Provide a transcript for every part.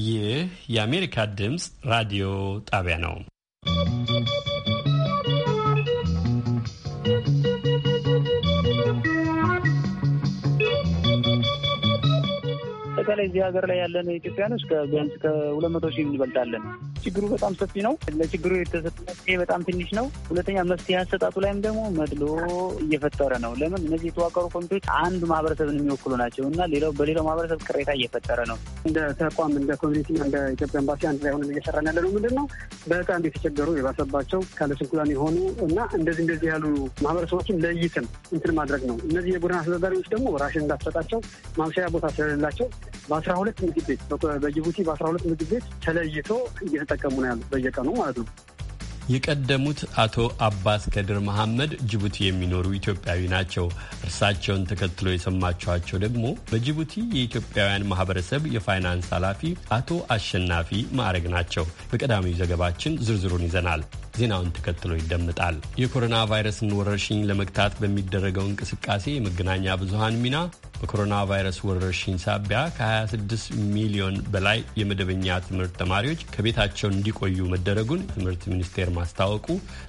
ይህ የአሜሪካ ድምፅ ራዲዮ ጣቢያ ነው። በተለይ እዚህ ሀገር ላይ ያለን ኢትዮጵያኖች ከቢያንስ ከሁለት መቶ ሺህ እንበልጣለን። ችግሩ በጣም ሰፊ ነው። ለችግሩ የተሰጠ መፍትሄ በጣም ትንሽ ነው። ሁለተኛ መፍትሄ አሰጣጡ ላይም ደግሞ መድሎ እየፈጠረ ነው። ለምን እነዚህ የተዋቀሩ ኮሚቴዎች አንድ ማህበረሰብን የሚወክሉ ናቸው እና ሌላው በሌላው ማህበረሰብ ቅሬታ እየፈጠረ ነው። እንደ ተቋም እንደ ኮሚኒቲ እንደ ኢትዮጵያ ኤምባሲ አንድ ላይ ሆነ እየሰራን ያለ ነው። ምንድን ነው በጣም የተቸገሩ የባሰባቸው ካለ የሆኑ እና እንደዚህ እንደዚህ ያሉ ማህበረሰቦችን ለይትን እንትን ማድረግ ነው። እነዚህ የቡድን አስተዳዳሪዎች ደግሞ ራሽን እንዳትሰጣቸው ማምሻያ ቦታ ስለሌላቸው በአስራ ሁለት ምግብ ቤት በጅቡቲ በአስራ ሁለት ምግብ ቤት ተለይቶ እየተጠቀሙ ነው ያሉት በየቀኑ ማለት ነው። የቀደሙት አቶ አባስ ከድር መሐመድ ጅቡቲ የሚኖሩ ኢትዮጵያዊ ናቸው። እርሳቸውን ተከትሎ የሰማችኋቸው ደግሞ በጅቡቲ የኢትዮጵያውያን ማህበረሰብ የፋይናንስ ኃላፊ አቶ አሸናፊ ማዕረግ ናቸው። በቀዳሚው ዘገባችን ዝርዝሩን ይዘናል። ዜናውን ተከትሎ ይደመጣል። የኮሮና ቫይረስን ወረርሽኝ ለመግታት በሚደረገው እንቅስቃሴ የመገናኛ ብዙሃን ሚና በኮሮና ቫይረስ ወረርሽኝ ሳቢያ ከ26 ሚሊዮን በላይ የመደበኛ ትምህርት ተማሪዎች ከቤታቸው እንዲቆዩ መደረጉን ትምህርት ሚኒስቴር ማስታወቁ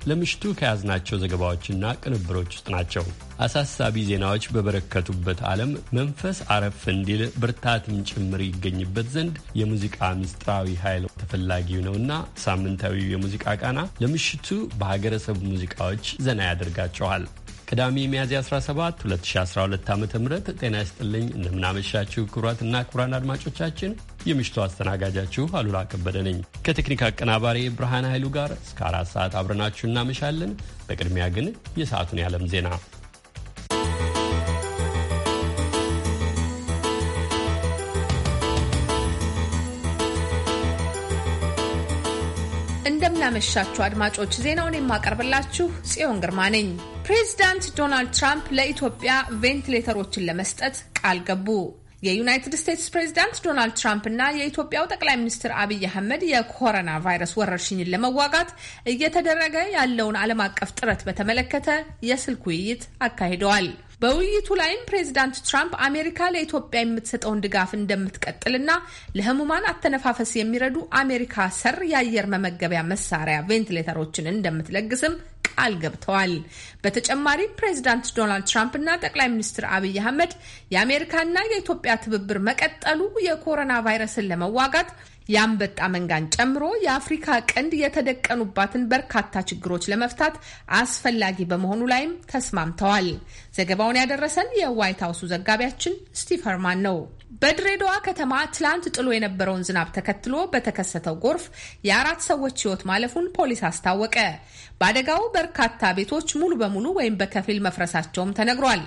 ለምሽቱ ከያዝናቸው ዘገባዎችና ቅንብሮች ውስጥ ናቸው። አሳሳቢ ዜናዎች በበረከቱበት ዓለም መንፈስ አረፍ እንዲል ብርታትም ጭምር ይገኝበት ዘንድ የሙዚቃ ምስጢራዊ ኃይል ተፈላጊው ነውና ሳምንታዊው የሙዚቃ ቃና ለምሽቱ በሀገረሰብ ሙዚቃዎች ዘና ያደርጋቸዋል። ቅዳሜ ሚያዝያ 17 2012 ዓ ም ጤና ይስጥልኝ። እንደምናመሻችሁ ክቡራትና ክቡራን አድማጮቻችን የምሽቱ አስተናጋጃችሁ አሉላ ከበደ ነኝ ከቴክኒክ አቀናባሪ ብርሃን ኃይሉ ጋር እስከ አራት ሰዓት አብረናችሁ እናመሻለን። በቅድሚያ ግን የሰዓቱን የዓለም ዜና እንደምናመሻችሁ አድማጮች፣ ዜናውን የማቀርብላችሁ ጽዮን ግርማ ነኝ። ፕሬዚዳንት ዶናልድ ትራምፕ ለኢትዮጵያ ቬንቲሌተሮችን ለመስጠት ቃል ገቡ። የዩናይትድ ስቴትስ ፕሬዚዳንት ዶናልድ ትራምፕ እና የኢትዮጵያው ጠቅላይ ሚኒስትር አብይ አህመድ የኮሮና ቫይረስ ወረርሽኝን ለመዋጋት እየተደረገ ያለውን ዓለም አቀፍ ጥረት በተመለከተ የስልክ ውይይት አካሂደዋል። በውይይቱ ላይም ፕሬዚዳንት ትራምፕ አሜሪካ ለኢትዮጵያ የምትሰጠውን ድጋፍ እንደምትቀጥልና ለህሙማን አተነፋፈስ የሚረዱ አሜሪካ ሰር የአየር መመገቢያ መሳሪያ ቬንቲሌተሮችን እንደምትለግስም ቃል ገብተዋል። በተጨማሪም ፕሬዚዳንት ዶናልድ ትራምፕ እና ጠቅላይ ሚኒስትር አብይ አህመድ የአሜሪካና የኢትዮጵያ ትብብር መቀጠሉ የኮሮና ቫይረስን ለመዋጋት የአንበጣ መንጋን ጨምሮ የአፍሪካ ቀንድ የተደቀኑባትን በርካታ ችግሮች ለመፍታት አስፈላጊ በመሆኑ ላይም ተስማምተዋል። ዘገባውን ያደረሰን የዋይት ሀውሱ ዘጋቢያችን ስቲቭ ሀርማን ነው። በድሬዳዋ ከተማ ትላንት ጥሎ የነበረውን ዝናብ ተከትሎ በተከሰተው ጎርፍ የአራት ሰዎች ሕይወት ማለፉን ፖሊስ አስታወቀ። በአደጋው በርካታ ቤቶች ሙሉ በሙሉ ወይም በከፊል መፍረሳቸውም ተነግሯል።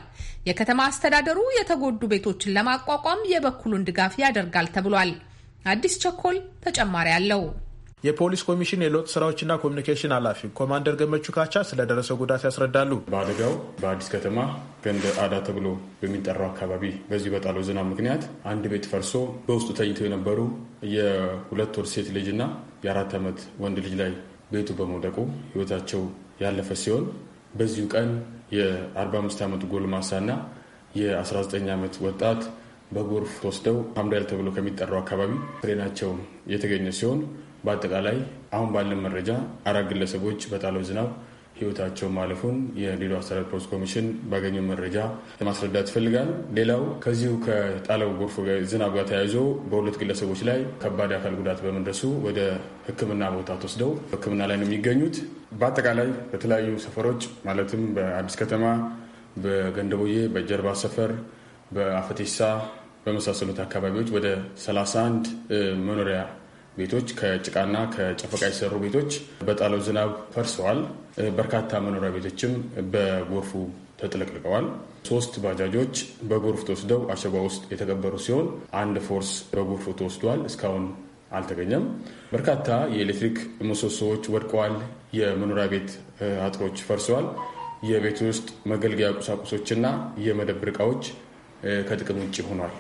የከተማ አስተዳደሩ የተጎዱ ቤቶችን ለማቋቋም የበኩሉን ድጋፍ ያደርጋል ተብሏል። አዲስ ቸኮል ተጨማሪ አለው። የፖሊስ ኮሚሽን የለውጥ ስራዎችና ኮሚኒኬሽን ኃላፊ ኮማንደር ገመቹ ካቻ ስለደረሰው ጉዳት ያስረዳሉ። በአደጋው በአዲስ ከተማ ገንደ አዳ ተብሎ በሚጠራው አካባቢ በዚህ በጣለው ዝናብ ምክንያት አንድ ቤት ፈርሶ በውስጡ ተኝተው የነበሩ የሁለት ወር ሴት ልጅና የአራት ዓመት ወንድ ልጅ ላይ ቤቱ በመውደቁ ህይወታቸው ያለፈ ሲሆን በዚሁ ቀን የ45 ዓመት ጎልማሳና የ19 ዓመት ወጣት በጎርፍ ተወስደው ሀምዳል ተብሎ ከሚጠራው አካባቢ ፍሬናቸው የተገኘ ሲሆን በአጠቃላይ አሁን ባለን መረጃ አራት ግለሰቦች በጣለው ዝናብ ህይወታቸው ማለፉን የሌሎ አስተዳደር ፖሊስ ኮሚሽን ባገኘው መረጃ ለማስረዳት ይፈልጋል። ሌላው ከዚሁ ከጣለው ጎርፍ ዝናብ ጋር ተያይዞ በሁለት ግለሰቦች ላይ ከባድ አካል ጉዳት በመድረሱ ወደ ሕክምና ቦታ ተወስደው ሕክምና ላይ ነው የሚገኙት። በአጠቃላይ በተለያዩ ሰፈሮች ማለትም በአዲስ ከተማ፣ በገንደቦዬ፣ በጀርባ ሰፈር፣ በአፈቴሳ በመሳሰሉት አካባቢዎች ወደ 31 መኖሪያ ቤቶች ከጭቃና ከጨፈቃ የተሰሩ ቤቶች በጣለው ዝናብ ፈርሰዋል። በርካታ መኖሪያ ቤቶችም በጎርፉ ተጥለቅልቀዋል። ሶስት ባጃጆች በጎርፍ ተወስደው አሸባ ውስጥ የተቀበሩ ሲሆን አንድ ፎርስ በጎርፉ ተወስዷል። እስካሁን አልተገኘም። በርካታ የኤሌክትሪክ ምሰሶዎች ወድቀዋል። የመኖሪያ ቤት አጥሮች ፈርሰዋል። የቤት ውስጥ መገልገያ ቁሳቁሶችና የመደብር እቃዎች ከጥቅም ውጭ ሆኗል።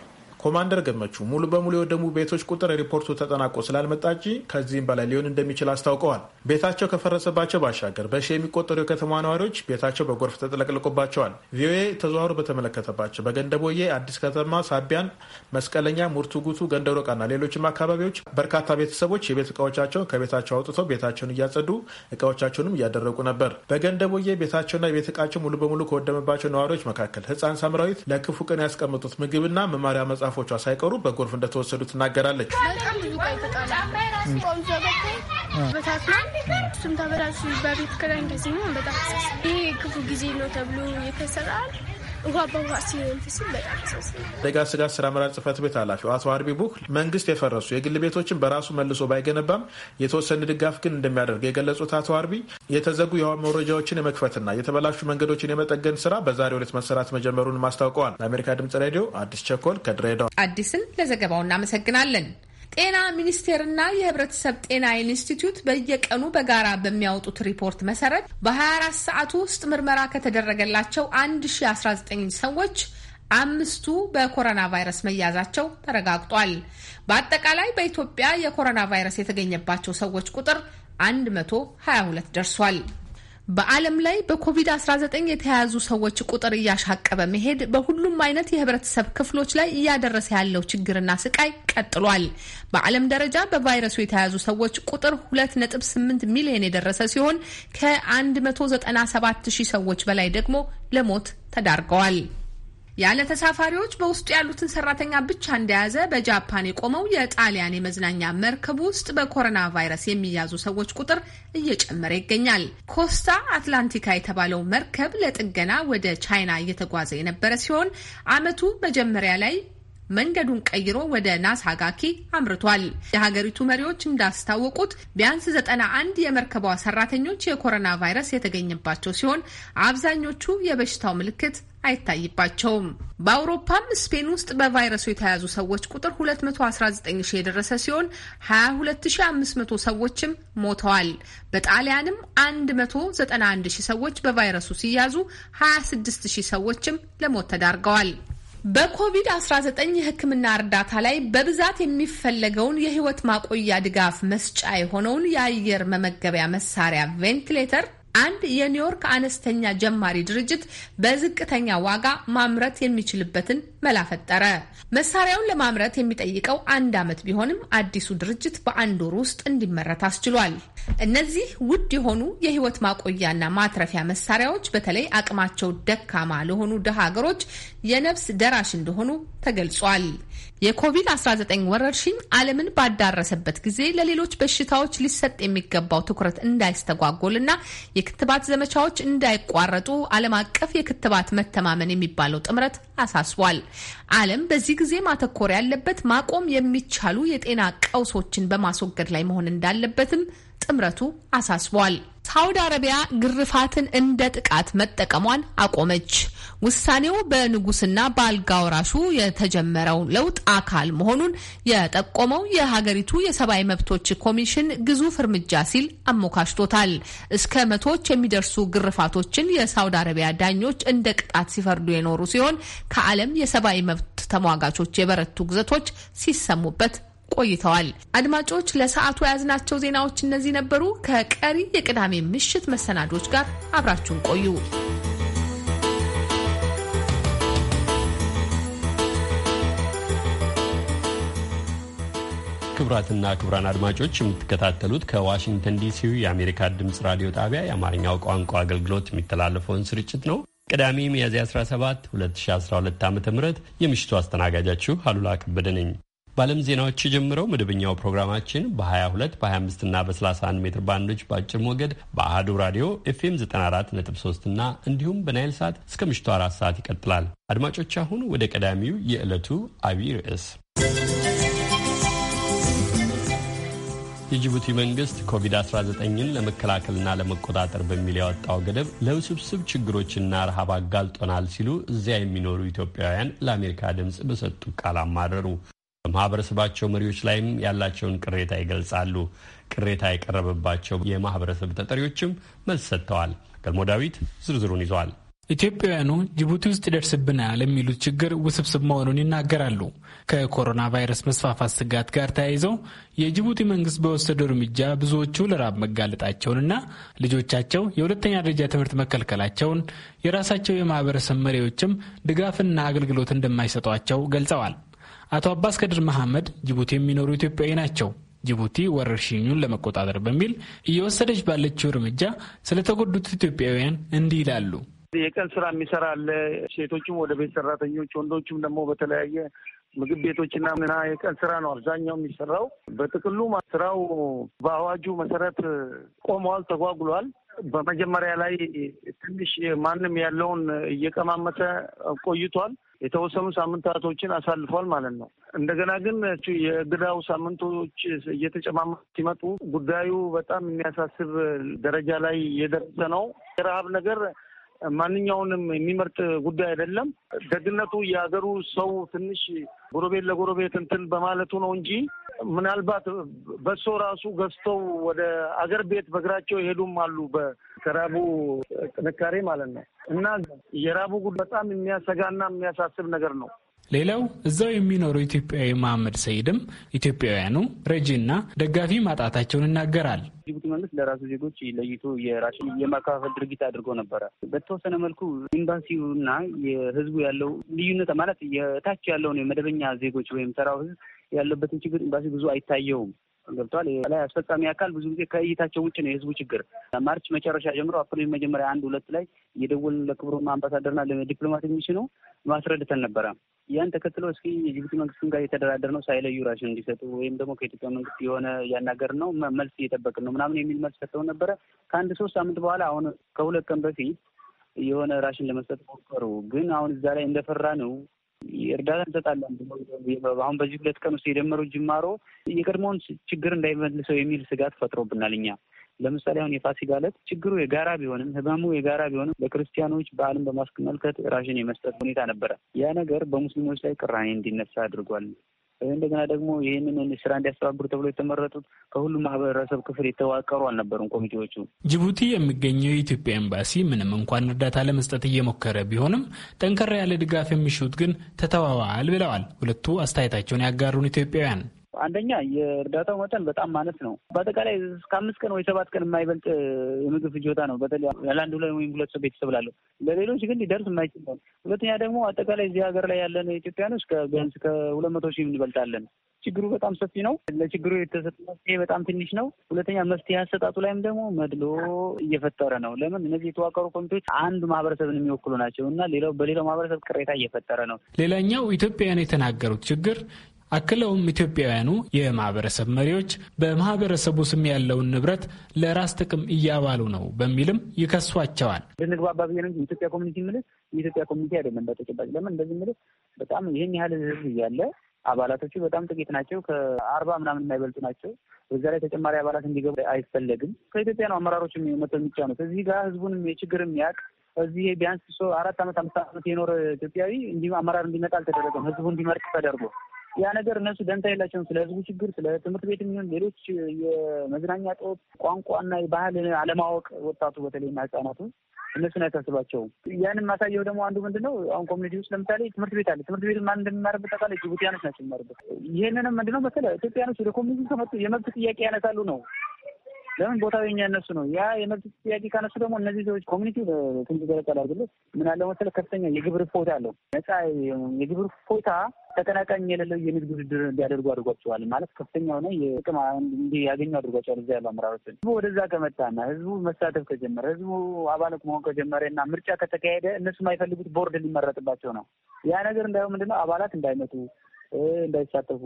ኮማንደር ገመቹ ሙሉ በሙሉ የወደሙ ቤቶች ቁጥር ሪፖርቱ ተጠናቆ ስላልመጣ እንጂ ከዚህም በላይ ሊሆን እንደሚችል አስታውቀዋል። ቤታቸው ከፈረሰባቸው ባሻገር በሺ የሚቆጠሩ የከተማ ነዋሪዎች ቤታቸው በጎርፍ ተጥለቅልቆባቸዋል። ቪኦኤ ተዘዋሩ በተመለከተባቸው በገንደቦዬ አዲስ ከተማ ሳቢያን፣ መስቀለኛ፣ ሙርቱጉቱ፣ ገንደሮቃና ሌሎችም አካባቢዎች በርካታ ቤተሰቦች የቤት እቃዎቻቸው ከቤታቸው አውጥተው ቤታቸውን እያጸዱ እቃዎቻቸውንም እያደረጉ ነበር። በገንደቦዬ ቤታቸውና የቤት እቃቸው ሙሉ በሙሉ ከወደመባቸው ነዋሪዎች መካከል ህፃን ሳምራዊት ለክፉ ቀን ያስቀምጡት ምግብና መማሪያ መጽሐፍ ዛፎቿ ሳይቀሩ በጎርፍ እንደተወሰዱ ትናገራለች። በጣም ብዙ በቤት ክራይ እንደዚህ ነው። በጣም ይሄ ክፉ ጊዜ ነው ተብሎ የተሰራል ውሃ በውሃ በጣም ደጋ ስጋት ስራ አመራር ጽህፈት ቤት ኃላፊው አቶ አርቢ ቡክ መንግስት የፈረሱ የግል ቤቶችን በራሱ መልሶ ባይገነባም የተወሰነ ድጋፍ ግን እንደሚያደርግ የገለጹት አቶ አርቢ የተዘጉ የውሃ መውረጃዎችን የመክፈትና የተበላሹ መንገዶችን የመጠገን ስራ በዛሬው ዕለት መሰራት መጀመሩን ማስታውቀዋል። ለአሜሪካ ድምጽ ሬዲዮ አዲስ ቸኮል ከድሬዳዋ። አዲስን ለዘገባው እናመሰግናለን። ጤና ሚኒስቴርና የህብረተሰብ ጤና ኢንስቲትዩት በየቀኑ በጋራ በሚያወጡት ሪፖርት መሰረት በ24 ሰዓት ውስጥ ምርመራ ከተደረገላቸው 1019 ሰዎች አምስቱ በኮሮና ቫይረስ መያዛቸው ተረጋግጧል። በአጠቃላይ በኢትዮጵያ የኮሮና ቫይረስ የተገኘባቸው ሰዎች ቁጥር 122 ደርሷል። በዓለም ላይ በኮቪድ-19 የተያያዙ ሰዎች ቁጥር እያሻቀበ መሄድ በሁሉም አይነት የህብረተሰብ ክፍሎች ላይ እያደረሰ ያለው ችግርና ስቃይ ቀጥሏል። በዓለም ደረጃ በቫይረሱ የተያዙ ሰዎች ቁጥር 2.8 ሚሊዮን የደረሰ ሲሆን ከ197 ሺህ ሰዎች በላይ ደግሞ ለሞት ተዳርገዋል። ያለ ተሳፋሪዎች በውስጡ ያሉትን ሰራተኛ ብቻ እንደያዘ በጃፓን የቆመው የጣሊያን የመዝናኛ መርከብ ውስጥ በኮሮና ቫይረስ የሚያዙ ሰዎች ቁጥር እየጨመረ ይገኛል። ኮስታ አትላንቲካ የተባለው መርከብ ለጥገና ወደ ቻይና እየተጓዘ የነበረ ሲሆን ዓመቱ መጀመሪያ ላይ መንገዱን ቀይሮ ወደ ናሳጋኪ አምርቷል። የሀገሪቱ መሪዎች እንዳስታወቁት ቢያንስ ዘጠና አንድ የመርከቧ ሰራተኞች የኮሮና ቫይረስ የተገኘባቸው ሲሆን አብዛኞቹ የበሽታው ምልክት አይታይባቸውም። በአውሮፓም ስፔን ውስጥ በቫይረሱ የተያዙ ሰዎች ቁጥር 219 ሺህ የደረሰ ሲሆን 22500 ሰዎችም ሞተዋል። በጣሊያንም 191 ሺህ ሰዎች በቫይረሱ ሲያዙ 26 ሺህ ሰዎችም ለሞት ተዳርገዋል። በኮቪድ-19 የሕክምና እርዳታ ላይ በብዛት የሚፈለገውን የህይወት ማቆያ ድጋፍ መስጫ የሆነውን የአየር መመገቢያ መሳሪያ ቬንቲሌተር አንድ የኒውዮርክ አነስተኛ ጀማሪ ድርጅት በዝቅተኛ ዋጋ ማምረት የሚችልበትን መላ ፈጠረ። መሳሪያውን ለማምረት የሚጠይቀው አንድ ዓመት ቢሆንም አዲሱ ድርጅት በአንድ ወር ውስጥ እንዲመረት አስችሏል። እነዚህ ውድ የሆኑ የህይወት ማቆያና ማትረፊያ መሳሪያዎች በተለይ አቅማቸው ደካማ ለሆኑ ድሃ ሀገሮች የነፍስ ደራሽ እንደሆኑ ተገልጿል። የኮቪድ-19 ወረርሽኝ ዓለምን ባዳረሰበት ጊዜ ለሌሎች በሽታዎች ሊሰጥ የሚገባው ትኩረት እንዳይስተጓጎልና የክትባት ዘመቻዎች እንዳይቋረጡ ዓለም አቀፍ የክትባት መተማመን የሚባለው ጥምረት አሳስቧል። ዓለም በዚህ ጊዜ ማተኮር ያለበት ማቆም የሚቻሉ የጤና ቀውሶችን በማስወገድ ላይ መሆን እንዳለበትም ጥምረቱ አሳስቧል። ሳውዲ አረቢያ ግርፋትን እንደ ጥቃት መጠቀሟን አቆመች። ውሳኔው በንጉስና በአልጋ ወራሹ የተጀመረው ለውጥ አካል መሆኑን የጠቆመው የሀገሪቱ የሰብአዊ መብቶች ኮሚሽን ግዙፍ እርምጃ ሲል አሞካሽቶታል። እስከ መቶዎች የሚደርሱ ግርፋቶችን የሳውዲ አረቢያ ዳኞች እንደ ቅጣት ሲፈርዱ የኖሩ ሲሆን ከዓለም የሰብአዊ መብት ተሟጋቾች የበረቱ ግዘቶች ሲሰሙበት ቆይተዋል። አድማጮች ለሰዓቱ የያዝናቸው ዜናዎች እነዚህ ነበሩ። ከቀሪ የቅዳሜ ምሽት መሰናዶች ጋር አብራችሁን ቆዩ። ክቡራትና ክቡራን አድማጮች የምትከታተሉት ከዋሽንግተን ዲሲው የአሜሪካ ድምፅ ራዲዮ ጣቢያ የአማርኛው ቋንቋ አገልግሎት የሚተላለፈውን ስርጭት ነው። ቅዳሜ ሚያዝያ 17 2012 ዓ ም የምሽቱ አስተናጋጃችሁ አሉላ ከበደ ነኝ። በዓለም ዜናዎች የጀምረው መደበኛው ፕሮግራማችን በ22 በ25 እና በ31 ሜትር ባንዶች በአጭር ሞገድ በአህዱ ራዲዮ ኤፍኤም 94.3 እና እንዲሁም በናይል ሰዓት እስከ ምሽቱ አራት ሰዓት ይቀጥላል። አድማጮች አሁን ወደ ቀዳሚው የዕለቱ አቢይ ርዕስ የጅቡቲ መንግስት ኮቪድ-19ን ለመከላከልና ለመቆጣጠር በሚል ያወጣው ገደብ ለውስብስብ ችግሮችና ረሃብ አጋልጦናል ሲሉ እዚያ የሚኖሩ ኢትዮጵያውያን ለአሜሪካ ድምፅ በሰጡ ቃል አማረሩ። በማህበረሰባቸው መሪዎች ላይም ያላቸውን ቅሬታ ይገልጻሉ። ቅሬታ የቀረበባቸው የማህበረሰብ ተጠሪዎችም መልስ ሰጥተዋል። ገልሞ ዳዊት ዝርዝሩን ይዟል። ኢትዮጵያውያኑ ጅቡቲ ውስጥ ይደርስብናል የሚሉት ችግር ውስብስብ መሆኑን ይናገራሉ። ከኮሮና ቫይረስ መስፋፋት ስጋት ጋር ተያይዘው የጅቡቲ መንግስት በወሰደው እርምጃ ብዙዎቹ ለራብ መጋለጣቸውንና ልጆቻቸው የሁለተኛ ደረጃ ትምህርት መከልከላቸውን፣ የራሳቸው የማህበረሰብ መሪዎችም ድጋፍና አገልግሎት እንደማይሰጧቸው ገልጸዋል። አቶ አባስ ከድር መሐመድ ጅቡቲ የሚኖሩ ኢትዮጵያዊ ናቸው። ጅቡቲ ወረርሽኙን ለመቆጣጠር በሚል እየወሰደች ባለችው እርምጃ ስለተጎዱት ኢትዮጵያውያን እንዲህ ይላሉ። የቀን ስራ የሚሰራ አለ። ሴቶችም ወደ ቤት ሰራተኞች፣ ወንዶችም ደግሞ በተለያየ ምግብ ቤቶችና ምና የቀን ስራ ነው አብዛኛው የሚሰራው። በጥቅሉ ስራው በአዋጁ መሰረት ቆመዋል፣ ተጓጉሏል። በመጀመሪያ ላይ ትንሽ ማንም ያለውን እየቀማመሰ ቆይቷል። የተወሰኑ ሳምንታቶችን አሳልፏል ማለት ነው። እንደገና ግን የግዳው ሳምንቶች እየተጨማመ ሲመጡ ጉዳዩ በጣም የሚያሳስብ ደረጃ ላይ የደረሰ ነው። የረሀብ ነገር ማንኛውንም የሚመርጥ ጉዳይ አይደለም። ደግነቱ የሀገሩ ሰው ትንሽ ጎረቤት ለጎረቤት እንትን በማለቱ ነው እንጂ ምናልባት በሶ ራሱ ገዝተው ወደ አገር ቤት በእግራቸው የሄዱም አሉ። በከራቡ ጥንካሬ ማለት ነው እና የራቡ ጉድ በጣም የሚያሰጋና የሚያሳስብ ነገር ነው። ሌላው እዛው የሚኖሩ ኢትዮጵያዊ መሐመድ ሰይድም ኢትዮጵያውያኑ ረጂና ደጋፊ ማጣታቸውን ይናገራል። ጅቡቲ መንግስት ለራሱ ዜጎች ለይቶ የራሽን የማከፋፈል ድርጊት አድርጎ ነበረ። በተወሰነ መልኩ ኤምባሲውና የህዝቡ ያለው ልዩነት ማለት የታች ያለውን የመደበኛ ዜጎች ወይም ሰራው ህዝብ ያለበትን ችግር ኤምባሲ ብዙ አይታየውም። ገብቷል። ላይ አስፈጻሚ አካል ብዙ ጊዜ ከእይታቸው ውጭ ነው የህዝቡ ችግር። ማርች መጨረሻ ጀምሮ አፕሪል መጀመሪያ አንድ ሁለት ላይ የደወልን ለክብሩ አምባሳደርና ለዲፕሎማት የሚችለው ማስረድተን ነበረ። ያን ተከትሎ እስኪ የጅቡቲ መንግስትም ጋር የተደራደር ነው ሳይለዩ ራሽን እንዲሰጡ ወይም ደግሞ ከኢትዮጵያ መንግስት የሆነ እያናገር ነው መልስ እየጠበቅን ነው ምናምን የሚል መልስ ሰጥተው ነበረ። ከአንድ ሶስት ሳምንት በኋላ አሁን ከሁለት ቀን በፊት የሆነ ራሽን ለመስጠት ሞከሩ። ግን አሁን እዛ ላይ እንደፈራ ነው እርዳታ እንሰጣለን። አሁን በዚህ ሁለት ቀን ውስጥ የደመሩ ጅማሮ የቀድሞውን ችግር እንዳይመልሰው የሚል ስጋት ፈጥሮብናል እኛ ለምሳሌ አሁን የፋሲካ ዕለት ችግሩ የጋራ ቢሆንም ህመሙ የጋራ ቢሆንም በክርስቲያኖች በዓልን በማስመልከት ራሽን የመስጠት ሁኔታ ነበረ። ያ ነገር በሙስሊሞች ላይ ቅራኔ እንዲነሳ አድርጓል። እንደገና ደግሞ ይህንን ስራ እንዲያስተባብሩ ተብሎ የተመረጡት ከሁሉም ማህበረሰብ ክፍል የተዋቀሩ አልነበሩም ኮሚቴዎቹ። ጅቡቲ የሚገኘው የኢትዮጵያ ኤምባሲ ምንም እንኳን እርዳታ ለመስጠት እየሞከረ ቢሆንም ጠንከራ ያለ ድጋፍ የሚሹት ግን ተተዋዋል ብለዋል ሁለቱ አስተያየታቸውን ያጋሩን ኢትዮጵያውያን። አንደኛ የእርዳታው መጠን በጣም ማነስ ነው። በአጠቃላይ እስከ አምስት ቀን ወይ ሰባት ቀን የማይበልጥ የምግብ ፍጆታ ነው። በተለይ ለአንድ ሁለት ወይም ሁለት ሰው ቤተሰብ ላለው፣ ለሌሎች ግን ሊደርስ የማይችል ነው። ሁለተኛ ደግሞ አጠቃላይ እዚህ ሀገር ላይ ያለን ኢትዮጵያኖች ከቢያንስ ከሁለት መቶ ሺህ እንበልጣለን። ችግሩ በጣም ሰፊ ነው። ለችግሩ የተሰጠ መፍትሄ በጣም ትንሽ ነው። ሁለተኛ መፍትሄ አሰጣጡ ላይም ደግሞ መድሎ እየፈጠረ ነው። ለምን እነዚህ የተዋቀሩ ኮሚቴዎች አንድ ማህበረሰብን የሚወክሉ ናቸው እና ሌላው በሌላው ማህበረሰብ ቅሬታ እየፈጠረ ነው። ሌላኛው ኢትዮጵያውያን የተናገሩት ችግር አክለውም ኢትዮጵያውያኑ የማህበረሰብ መሪዎች በማህበረሰቡ ስም ያለውን ንብረት ለራስ ጥቅም እያባሉ ነው በሚልም ይከሷቸዋል። ልንግባባ ብዬ ነው የኢትዮጵያ ኮሚኒቲ የምልህ የኢትዮጵያ ኮሚኒቲ አይደለም። በተጨባጭ ለምን እንደዚህ የምልህ በጣም ይህን ያህል ህዝብ እያለ አባላቶቹ በጣም ጥቂት ናቸው። ከአርባ ምናምን የማይበልጡ ናቸው። በዛ ላይ ተጨማሪ አባላት እንዲገቡ አይፈለግም። ከኢትዮጵያ ነው አመራሮች መተው የሚጫኑት። እዚህ ጋር ህዝቡንም የችግርም ያቅ እዚህ ቢያንስ አራት አመት አምስት አመት የኖረ ኢትዮጵያዊ እንዲሁ አመራር እንዲመጣ አልተደረገም። ህዝቡ እንዲመርጥ ተደርጎ ያ ነገር እነሱ ደንታ የላቸውም። ስለ ህዝቡ ችግር፣ ስለ ትምህርት ቤት የሚሆን ሌሎች የመዝናኛ ጦት፣ ቋንቋና የባህል አለማወቅ ወጣቱ በተለይና ህጻናቱ እነሱን አይታስባቸውም። ያንን ማሳየው ደግሞ አንዱ ምንድን ነው አሁን ኮሚኒቲ ውስጥ ለምሳሌ ትምህርት ቤት አለ። ትምህርት ቤት ማን እንደሚማርበት ታውቃለህ? ጅቡቲያኖች ናቸው የሚማርበት። ይህንንም ነው መሰለህ ኢትዮጵያኖች ወደ ኮሚኒቲ ከመጡ የመብት ጥያቄ ያነሳሉ ነው ለምን ቦታው የኛ እነሱ ነው። ያ የመብት ጥያቄ ካነሱ ደግሞ እነዚህ ሰዎች ኮሚኒቲ ትንሽ ገለጻ ላድርግልህ። ምን አለው መሰለህ ከፍተኛ የግብር ፎታ አለው። ነጻ የግብር ፎታ ተቀናቃኝ የሌለው የንግድ ውድድር እንዲያደርጉ አድርጓቸዋል። ማለት ከፍተኛ ሆነ የጥቅም እንዲያገኙ አድርጓቸዋል። እዚያ ያሉ አመራሮች ህዝቡ ወደዛ ከመጣና ህዝቡ መሳተፍ ከጀመረ ህዝቡ አባል መሆን ከጀመረ እና ምርጫ ከተካሄደ እነሱ የማይፈልጉት ቦርድ ሊመረጥባቸው ነው። ያ ነገር እንዳይሆን ምንድነው አባላት እንዳይመጡ እንዳይሳተፉ